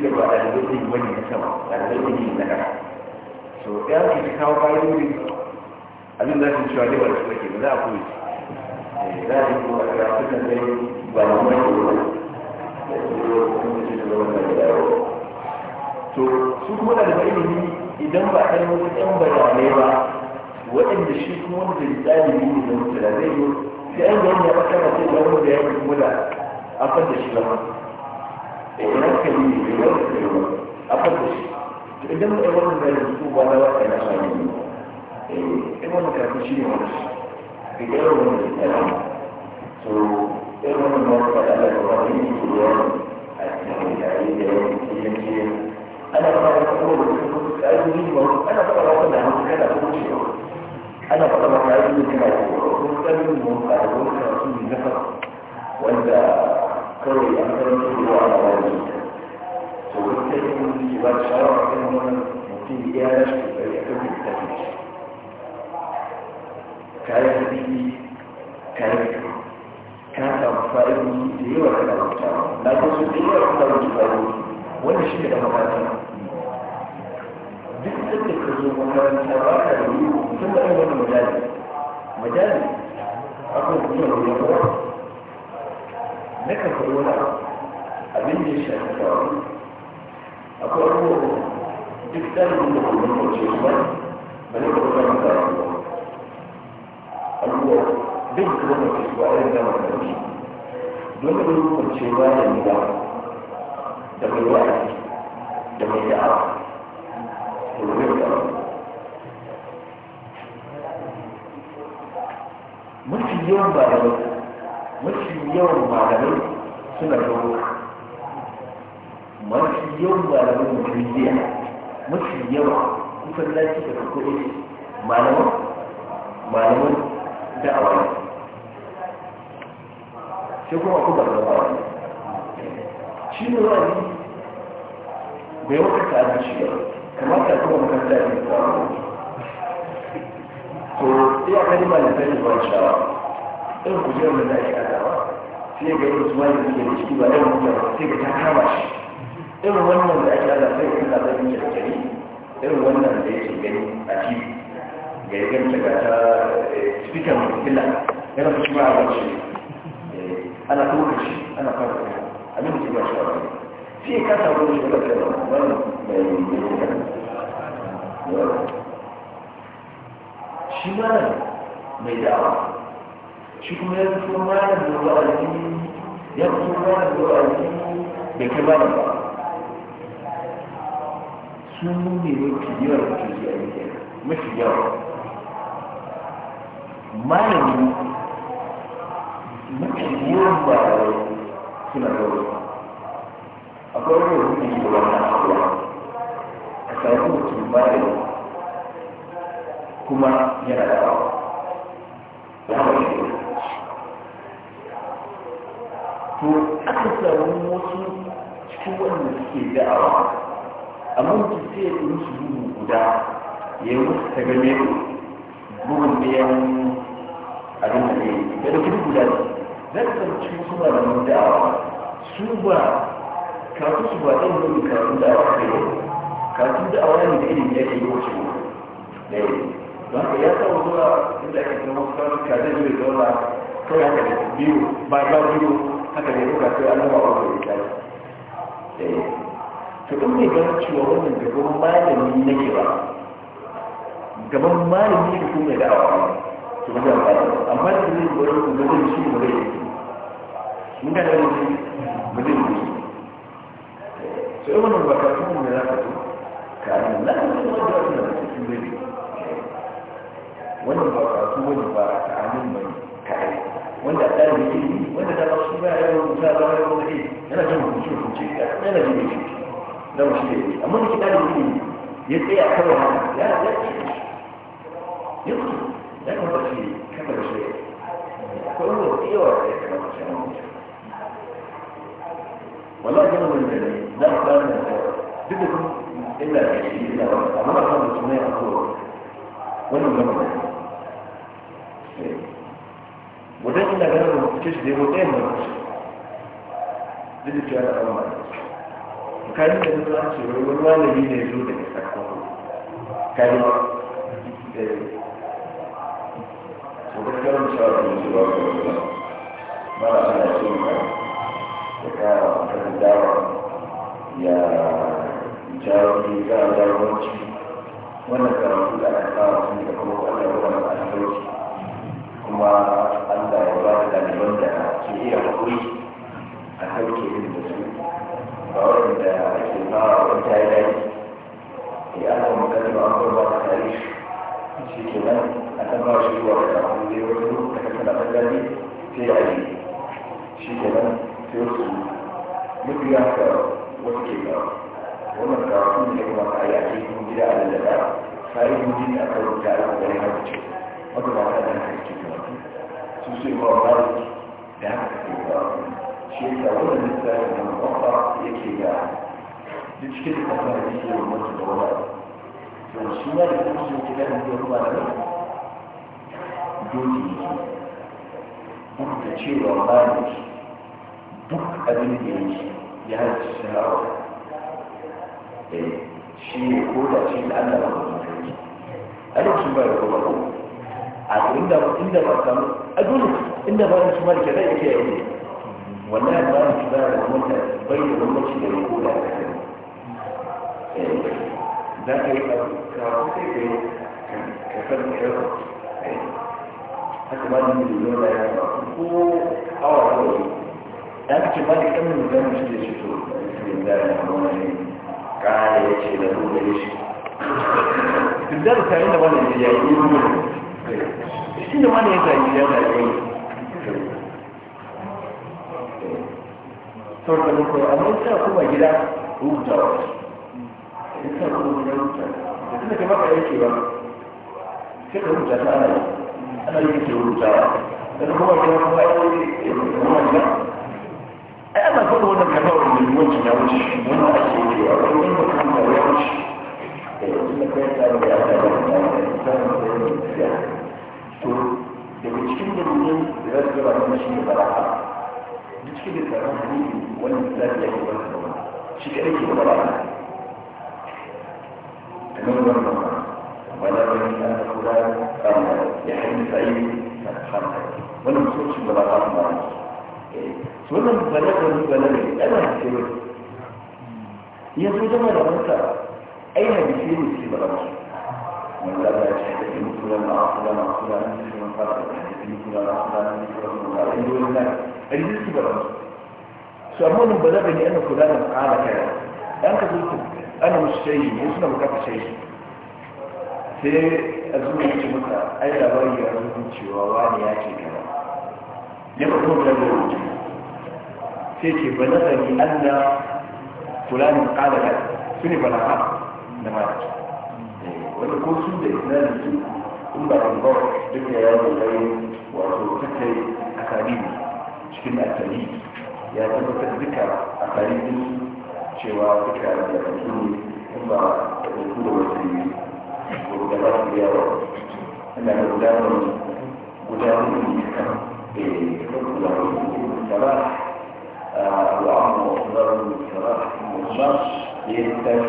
da ba a da sama a da yi na so ya ke kawo bayan abin da su cewa ne ba da ke ba za a koyi ذلك وأكاكل الليل وأمره to su kuma da ilimi idan ba kai wasu ɗan bayanai ba waɗanda shi kuma wanda ya tsari ne da mutu da zai yi sai an yawon ya fata ba sai yawon da ya yi kuma da afar da shi ba ma idan ka yi ne da yawon da yawa afar da shi to idan ba yawon da ya yi su ba na wata na shi ne eh idan wani karfi shi ne wani shi في كلام من الكلام so كلام من الوقت على الرجل اليوم أتمنى العيد يوم الجميع أنا فقط أقول أنا فقط أقول لهم كذا كل شيء أنا فقط أقول كما يقول وكل منهم أقول كرسول النفر وأنت كوي أمثال الله على وجهك so كنت تكون في بعض الشارع كان ممكن يجي على شكل ka yi kuɗi ka yi ka samu fa'idoji da yawa ka da wuta na ko su da yawa ka da wuta wanda shi ne da makaranta duk da ka zo makaranta ba ka da yi sun da yin wani majali majali akwai kuma da wuta ba na ka faɗi wani abin da ya shafi kawai akwai abubuwa duk ɗalibin da kuma kwace su ba ba ne ka kuma kawai abubuwa duk da wanda ke zuwa irin da wanda don da hukunce ba da nida da mai da mai da mai mafi yawan malamai mafi yawan malamai suna kawo mafi yawan malamai mutum biya mafi yawa kusan lafiya da kuɗi malaman sai a wani sai kuma ku bar zama wani shi ne wani bai wata ta abin shi ba kamar ta kuma makarta ne ta wani to iya kalima ne ta yi ba shawa in ku jiran da ake adawa sai ga irin su wani da ciki ba irin mutum sai ga ta kama shi irin wannan da ake adawa sai ga ta zai yi irin wannan da yake gani a ciki da ya gamta ga ta cikin eh, mutila yana da kuma abinci eh, ana kuma ana fara kai abin da ba shi wani shi ka ta gudu shi da kai wani mai yi shi malam mai da'awa shi kuma ya fito malam da wa'azi ya fito malam da wa'azi bai kai malam ba sun ne mafi yawan kuke a yi mafi yawan malami mafi yawan ba suna da wasu akwai wani rubutu ne na wannan a samu mutum malami kuma yana da awa ya hawa shi to aka wasu cikin wanda suke da'awa amma mutum sai ya ɗin su guda ya yi wasu tagame bugun biyan abin da ya yi da ɗauki guda ne zai kasance su ba da mun su ba kafin su ba ɗan gudu kafin da'awa kai ne kafin ne da ilimi ya yi wace da ya don haka ya sa zuwa inda ake kuma wasu kafin ka zai zai zauna kawai haka da biyu ba biyu haka da ya ɗauka an zama wani da ya to ɗan mai ganin cewa wannan gaban malami nake ba gaban malami da komai da'awa su ji amfani amma da ne gurin ku da shi mu rai mun ga da mutum mu zai mu so yi wannan bakatun mu ne za ka ka yi na kuma da wani da ne wannan bakatu wani ba k'a amin bai ka yi wanda ta yi wanda ta ba shi ba ya yi rubuta ba ya rubuta ne yana jin hukunci hukunci yana jin hukunci na wasu ne amma da kita da ne ya tsaya kawai ya ya ce ya ce ya kamata shi kasance kuma mutu yawa da ya kamata shi mutu wannan wani da ne na kwanan da ta duk da kuma illa da shi illa wani na kwanan su ne a kowa wannan gama da ne wajen ina ganin da mutu shi da ya mutu yin mutu duk da cewa da kama da su kayan da nuna ce wani wani ne zo daga sakamako وذكر إن من الله مرة أنا أسمع وكان كان يا جارتي كان دعوتي وأنا كان أقول أنا كان أنا وأنا أسمع كما أنت وبعد أن يبدأ كثير إيه حقوقي أحبك إذن بسم فأرد أكتبها وإنتهى في لأنه مكتب أمر بعد تاريخ في كلام a san ba shi zuwa da abu da yawan yau da kasa da bangare a yi shi ke nan sai wasu mafi ya haka wasu ke ga wannan karatu ne kuma a yi a cikin gida a lalata ta yi gudu a kan da aka gani haka ce wata ba ta da haka ke karatu su sai ba ba da haka ke karatu shi ya sa wannan littafin da mafafa yake ga duk cikin da kasar da yake yi mutu da wani abu to shi ne da kuma shi ke ganin da kuma da doki duk da cewa malik duk abin da yake ya haji sha'awa da shi ne ko da shi da allah ba kuma kai aliki ba da kuma a inda inda ba samu a dole inda ba su malik zai iya yi wannan ba su ba da kuma ta bayyana gwamnati da ko da ta kai za ka yi abu ka sai ka yi ka san ka yi haka ba ni da yau da ya ba ko awa kawai ya ce ba da kan mu gani shi da shi to da ya ba wani kare ya ce da ya shi duk da ta yi da wani ya yi shi da wani ya zai ya zai sau da muku amma ita kuma gida rubuta wa ita kuma gida rubuta da kuma kamar ka yake ba sai ka rubuta ta ana yi ana yi ke rubutawa da kuma kuma kuma ayoyi ruwan nan ai ana faɗa wannan kafa wa muhimmancin ya wuce wannan ake yi a wani yin mutum ya wuce da yanzu na kai ta da ya ta da ya to daga cikin da mutum da za su gaba da shi ne bara'a da cikin da tsaron hadisi wannan za su yi wani shi kaɗai ke bara'a da nan wannan ibn sa'id na hamza wannan musulcin da ba za su ba su wannan balagari balagari ana ce ya zo da malamansa ai hadisi ne ce ba su من لا يشهد مثلنا عقلنا عقلنا مثل من قال مثلنا عقلنا مثل رسول الله ان دون الله الجنس بلد سأمون بلغ لأن فلانا فعل كذا أنت قلت أنا مش شيء يسمى بكاف شيء في a zuwa ce maka ai labari ya zuwa cewa wani ya ke gaba ya ba kuma da wuce sai ce ba na sani an da fulanin kala da su ne bala ha na mata eh, wani ko su da na su in ba ban ba duk da yawon layin wato kakai a karibi cikin asali ya tabbatar duka a cewa duka da rasu ne in ba da rasu da wasu ne وجدار الرياضات أنه جدار جدار الصلاح وعمر وجدار الصلاح والشر ليستر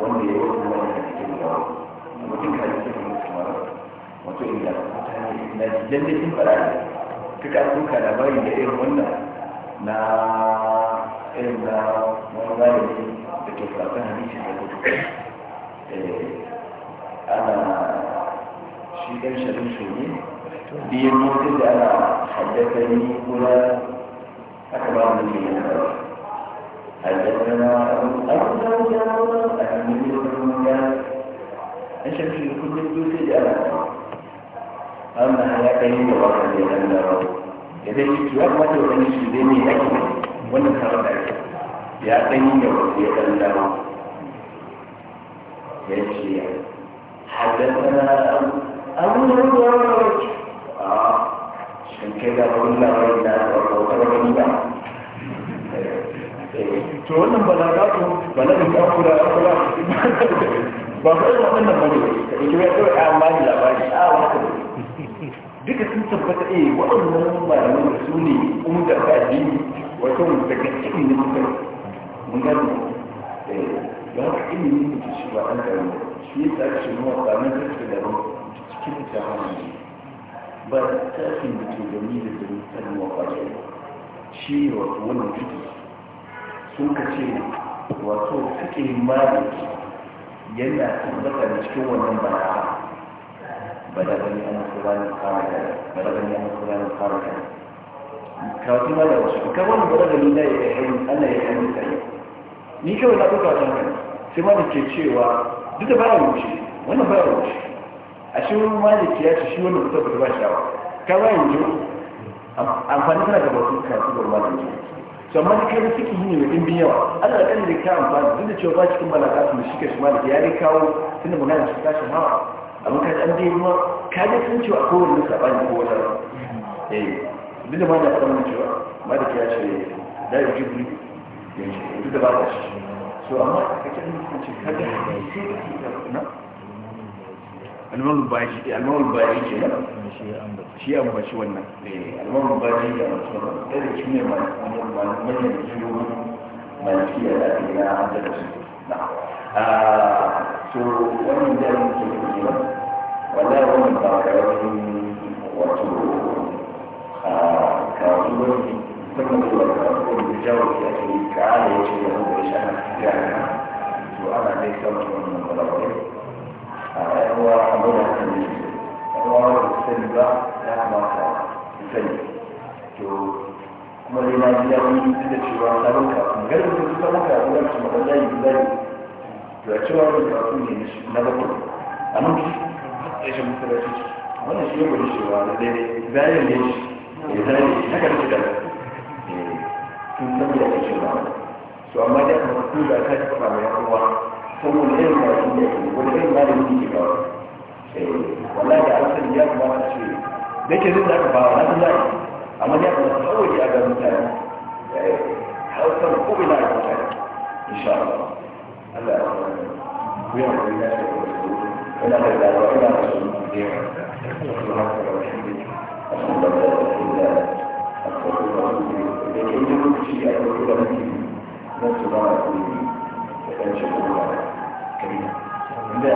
واللي يقول له حديث الجواب وفي حديث المسمار وتقول له نجلس فلا تكأتوك لبين إيه هنا na irin na wani zalimi da ke fata hadisi da kutu أنا شيء كان شريم شوي دي المنتج أنا حدثني ولا أكبر من كده حدثنا أبو جابر أحمد بن مجاهد أنشأ في كل المنتج أنا أما هلاكني وبركة لأن إذا كنت وقت وأنا شدني أكبر وأنا خرجت أكبر يا أخي يا رب الله يا شيخ حدثنا أبو الزوج آه عشان كده بقول لك ولا ولا ولا to wannan balagatu balagin ta kula a kula ba kai waɗannan bane ka ɗauki wai kawai an bani a duka sun tabbata eh waɗannan malaman da su ne umda ta addini wato daga cikin da muka mun gano eh ba ilimi ne shi ba an gano shi ya sa shi mawa tsarin sarki da ba cikin ta hannu ba tafin da ke gani da zai san mawa kwaje shi wato wannan fiki sun ka ce wato suke maliki yana tabbata da cikin wannan bala'a balagani an kuranin kamar balagani an kuranin kamar kawai ma da wasu ka wani da na ya yi ana ya yi ni kawai na kuka wajen sai ma da ke cewa duk da baya wuce wannan baya wuce a shi wani wani ya ce shi wani kusa kusa ba shi yawa ba yin ji amfani tana da wasu kasu da ji to amma kai da suke yi ne ɗin yawa ana da kan da ka amfani duk da cewa ba cikin malaka su shi ka shi maliki ya dai kawo tun da magana shi tashin hawa amma ka an dai ruwa ka sun cewa kowane ko wata eh duk da ma da kan cewa da yi yanzu da ba ta shi amma a cikin hukuncin kaga sai da ke na almawul baji almawul baji ke nan shi an baci wannan almawul baji da mutum da da shi ne manyan jiyoyi maliki ya da na hanta da su na so wannan da yin ke yi ba wanda wannan ba karamin wato kasuwanci ثم يقول بجوز أخيه تعالى يجي له بشأن الجنة وأنا ليس من الغرب هو حمولة النبي هو السلبة نعمة السلبة kuma dai na biya wani duk da cewa na roka kun gari da kusa maka a wurin su maka zai yi zai to a cewa wani karatu ne na bakwai a nan ya shi mutu da ciki wannan shi ya gudu cewa da daidai zai ne shi ya zai ne wanda wani irin malami ne ke kawo eh, wallahi da alasan ya kuma a ce da ke zai zaka ba wani zai amma ya kuma kawai ya ga mutane eh, ko bai na ga mutane insha Allah Allah ya kuma ya yawa kuma kuma لا لا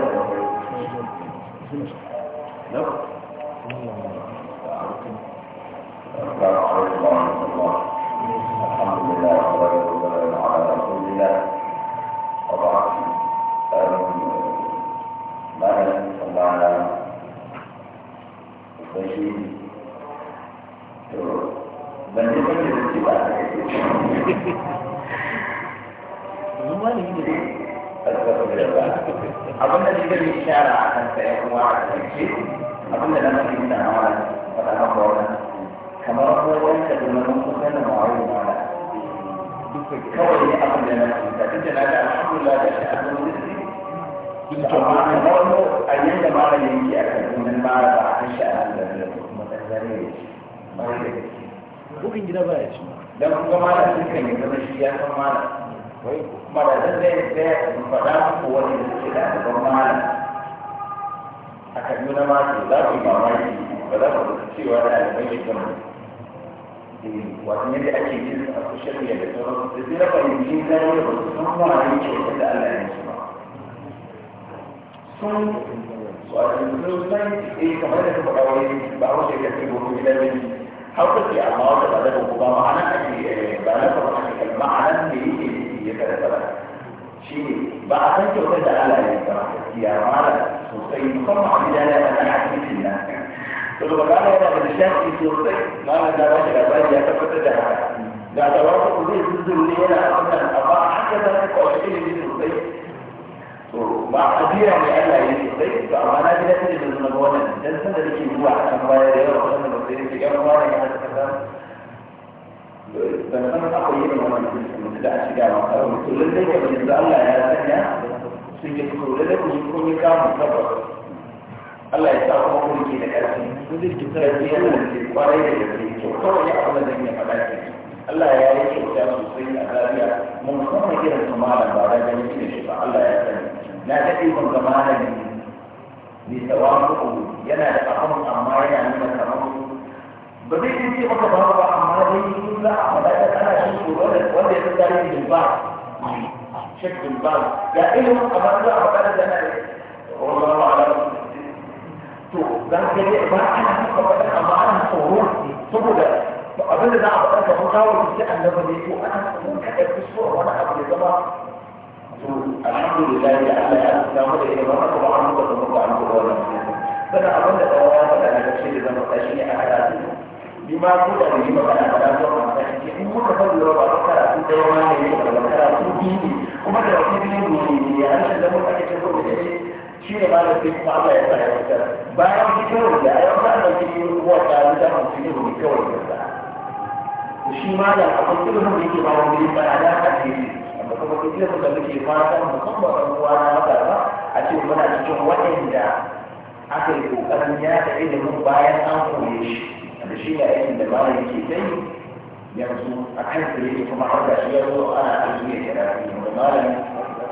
السلام عليكم ورحمة الله الحمد لله والصلاة والسلام على رسول الله وبعد ما نسأل على بشير بل يمكن الاتباع abin da zai yi shara a kan sa ya kuma a ƙarshe abin da na mafi da na wani wata na kawai kamar ka zama mun kusa da ma'auri na wani kawai ne abin da na mafi da duk da na da alhamdulillah da shi a kan wani to ma a wani a yanda mara yanki a kan wani mara ba a kan shi a nan da zai kuma ɗan zare ya ci mara da gaske. Bukin gida ba ya ci. Dan kuma mara sun kan yi zama shi ya san mara. madadin zai zai faɗa muku wani da suke da babban malam a kaduna ma ce za ku yi mamaki ba za ku da cewa da alamai ya gama wato yadda ake jin a social media da sauransu da zai rafa yin jin zai da ba su san kuma a yin kyautar da Allah ya su ba sun wato sun san eh kamar da ka faɗa wani ba wasu ya kasance wani gidan ne hauka ce amma wata ba da ba ma'ana ake ba na faɗa ake kalma a nan ne yake ya kada fara shi ne ba a san kyautar da Allah ya ba ya mara sosai musamman abin da ya fada a cikin nan to ba ga yana da shafi sosai malam da wata da bai ya tabbatar da haka da tawakkul ku zai zuzuru ne yana abunan amma haka da ko shi ne sosai to ba a biya mai Allah ya sosai to amma na ji da shi da zuwa wannan dan sanar da ke zuwa a kan baya da yawa wannan da sai ya ga wannan ya ta فالسنة تقريبا ومن تدعش جامعة وكل ذلك بالنسبة الله يا سنة سيكون لك ويكون لك مصبر Allah ya sa kuma kuma ke da ƙarfi duk ki tsara ki yana da kwarai da gaske to kawai ya abin da ya faɗa ki Allah ya yi kyauta sosai a Zaria mun kuma kira su malam ba dan ganin kine shi ba Allah ya sani na dade mun ga malami ni tawafu yana da abun amma yana nuna kamar بمثل دي مرة مرة عمالة زي دي لا عمالة أنا أشوف الولد ولا يتداري من البعض شكل البعض يا إيه من قبل لا عمالة أنا والله أعلم تو ده كده ما أنا قبل أما أنا صورتي صورة فقبل ده عمالة كمتاول في أنا بديت وأنا كده في الصورة وأنا قبل ده الحمد لله لأن أسلامه إلى مرة طبعا متضمرة عن كل بدأ أظن أولا بدأ أن تشير إذا مرتشيني أحد أسلامه shi ma ko da bai yi magana ba za ba ta shi in muka ba karatu ne kuma da wasu ne ne ya rashin da muka ake cikin da shi shi ne ma da ya sa ya fitar bayan da a yau ta ɗauki wata da mu cikin rubutu kawai da sa shi ma da akwai ilimin ba wani ba da kan ne amma kuma duk ilimin da muke fata musamman ɗan uwa na matasa a ce muna cikin waɗanda aka yi ƙoƙarin yada ilimin bayan an koye shi da shi ne aikin da mara yake kai yanzu a kan da yake kuma har da shi ya zo ana aiki ya kira shi da mara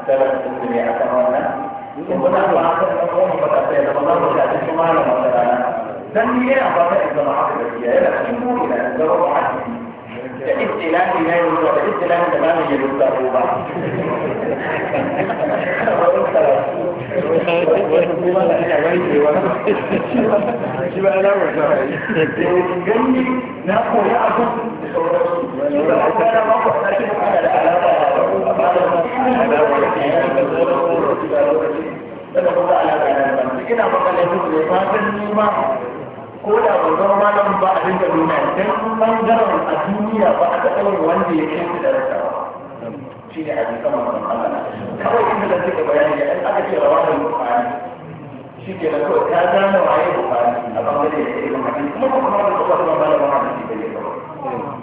tsara da ne a kan wannan in ba za ku haka da kuma ba ta sai da ba za ku ta cikin mara wata rana dan ni yana ba ta zama haka da shi yana cikin ko ina da zama ba a cikin da istilahi na yanzu da istilahi da ba mu yi rusa ko ba shi ba na wata rai gani na koya abu da ina da ko da ba zama malam ba a dinga nuna idan kun bangaren a duniya ba aka tsawon wanda ya kai su da rasa shi ne hadisan manzon Allah kawai inda da suke bayani ya aka ce rawa da bukari shi ke da kawai ta gane waye bukari a bangare da irin hadisi kuma kuma wanda ba kuma ba da ba da shi bai kawai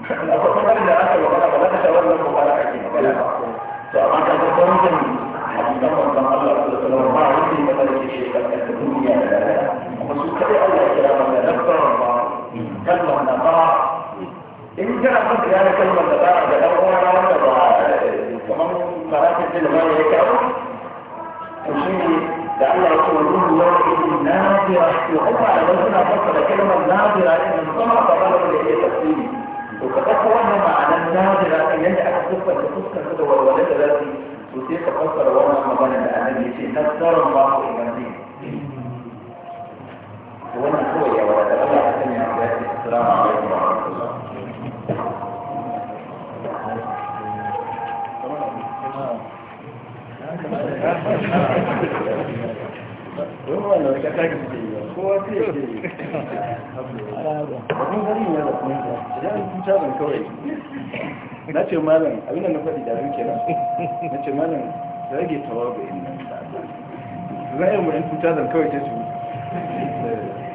akwai bangare da aka yi magana ba za ka shawar da bukari ake magana ba to amma ka ga bangaren hadisan manzon Allah sallallahu alaihi wa sallam ba wanda ya kasance shi da duniya da rasa su kaɗai Allah ya kira wanda na tsara ba kalmar na ba in kana son ka gane kalmar da ba ga ɗan uwa na wanda ba kamar karatun da ba ya kawo to shi ne da Allah ya ce wa duk wani irin nazira to kuma da suna fassara kalmar nazira ne musamman ba ba da ke tafsiri to ka ɗauko wannan ma'anar nazira kan yadda aka fuskanta fuskanta da walwalar da za su yi to sai ka fassara wannan maganar da annabi ya ce nasarar ba ku imanni wannan kawai ya wadatar Allah ya sanya ya ce assalamu alaikum wa na ce malam abinda na faɗi da rike na ce malam rage tawaga inda zai yi mu 2000 kawai ta ce